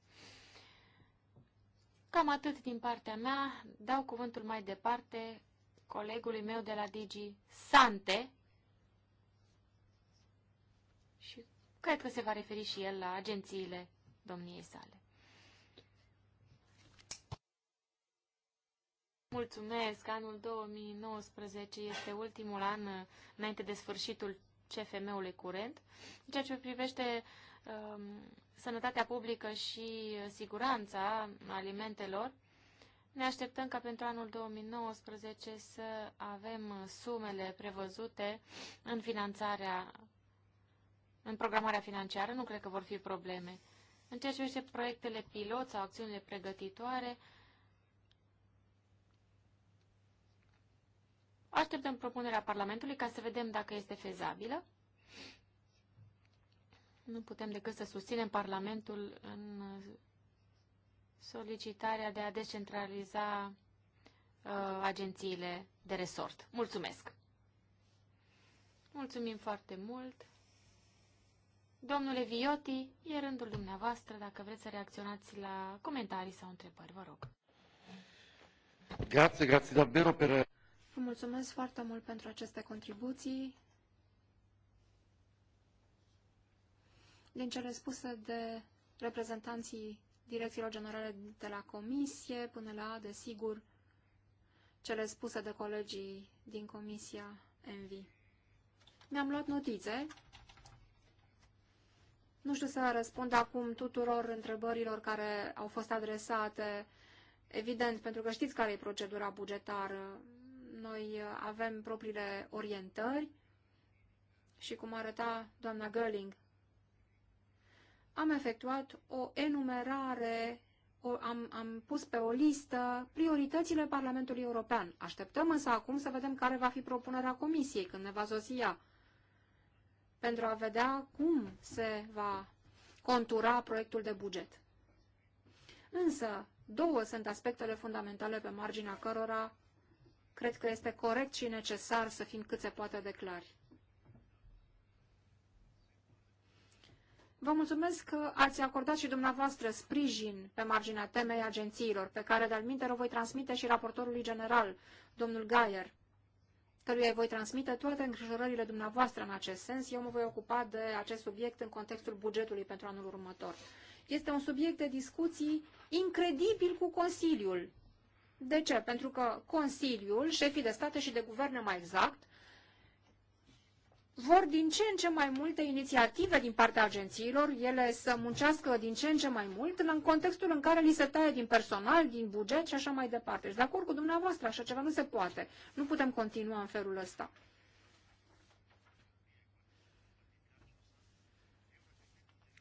Cam atât din partea mea. Dau cuvântul mai departe colegului meu de la Digi Sante și cred că se va referi și el la agențiile domniei sale. Mulțumesc! Anul 2019 este ultimul an înainte de sfârșitul CFM-ului curent. În ceea ce privește um, sănătatea publică și siguranța alimentelor, ne așteptăm ca pentru anul 2019 să avem sumele prevăzute în finanțarea, în programarea financiară. Nu cred că vor fi probleme. În ceea ce privește proiectele pilot sau acțiunile pregătitoare, Așteptăm propunerea Parlamentului ca să vedem dacă este fezabilă. Nu putem decât să susținem Parlamentul în solicitarea de a descentraliza uh, agențiile de resort. Mulțumesc! Mulțumim foarte mult! Domnule Vioti, e rândul dumneavoastră dacă vreți să reacționați la comentarii sau întrebări, vă rog. Grazie, grazie davvero per Vă mulțumesc foarte mult pentru aceste contribuții. Din cele spuse de reprezentanții direcțiilor generale de la comisie până la, desigur, cele spuse de colegii din comisia Envi. Mi-am luat notițe. Nu știu să răspund acum tuturor întrebărilor care au fost adresate, evident, pentru că știți care e procedura bugetară. Noi uh, avem propriile orientări și cum arăta doamna Gerling. Am efectuat o enumerare, o, am, am pus pe o listă prioritățile Parlamentului European. Așteptăm însă acum să vedem care va fi propunerea Comisiei când ne va sosi ea, pentru a vedea cum se va contura proiectul de buget. Însă, două sunt aspectele fundamentale pe marginea cărora Cred că este corect și necesar să fim cât se poate de clari. Vă mulțumesc că ați acordat și dumneavoastră sprijin pe marginea temei agențiilor, pe care de-al o voi transmite și raportorului general, domnul Gaier, căruia îi voi transmite toate îngrijorările dumneavoastră în acest sens. Eu mă voi ocupa de acest subiect în contextul bugetului pentru anul următor. Este un subiect de discuții incredibil cu Consiliul. De ce? Pentru că Consiliul, șefii de state și de guverne mai exact, vor din ce în ce mai multe inițiative din partea agențiilor, ele să muncească din ce în ce mai mult, în contextul în care li se taie din personal, din buget și așa mai departe. Și deci, de acord cu dumneavoastră, așa ceva nu se poate. Nu putem continua în felul ăsta.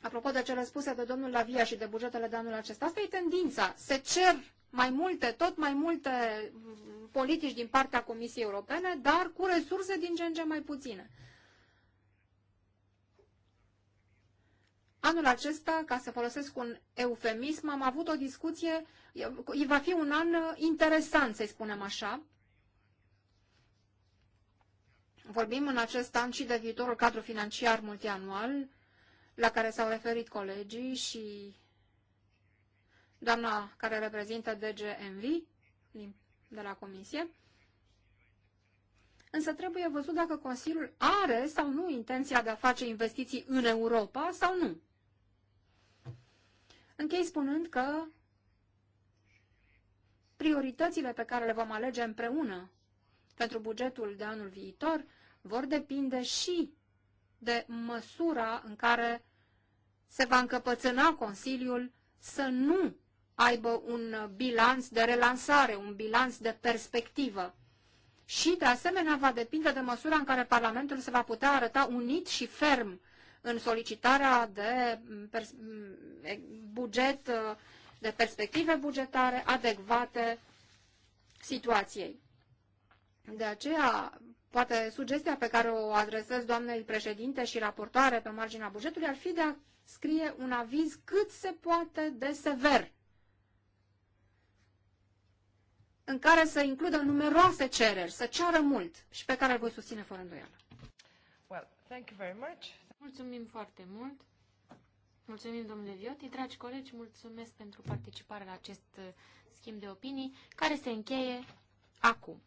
Apropo de cele spuse de domnul Lavia și de bugetele de anul acesta, asta e tendința. Se cer mai multe, tot mai multe mm, politici din partea Comisiei Europene, dar cu resurse din ce în ce mai puține. Anul acesta, ca să folosesc un eufemism, am avut o discuție, va fi un an interesant, să-i spunem așa. Vorbim în acest an și de viitorul cadru financiar multianual, la care s-au referit colegii și doamna care reprezintă DGMV de la Comisie. Însă trebuie văzut dacă Consiliul are sau nu intenția de a face investiții în Europa sau nu. Închei spunând că prioritățile pe care le vom alege împreună pentru bugetul de anul viitor vor depinde și de măsura în care se va încăpățâna Consiliul să nu aibă un bilanț de relansare, un bilanț de perspectivă. Și, de asemenea, va depinde de măsura în care Parlamentul se va putea arăta unit și ferm în solicitarea de mm, mm, buget, de perspective bugetare adecvate situației. De aceea, poate sugestia pe care o adresez doamnei președinte și raportoare pe marginea bugetului ar fi de a scrie un aviz cât se poate de sever în care să includă numeroase cereri, să ceară mult și pe care îl voi susține fără îndoială. Well, thank you very much. Mulțumim foarte mult. Mulțumim, domnule Vioti. Dragi colegi, mulțumesc pentru participarea la acest uh, schimb de opinii, care se încheie acum.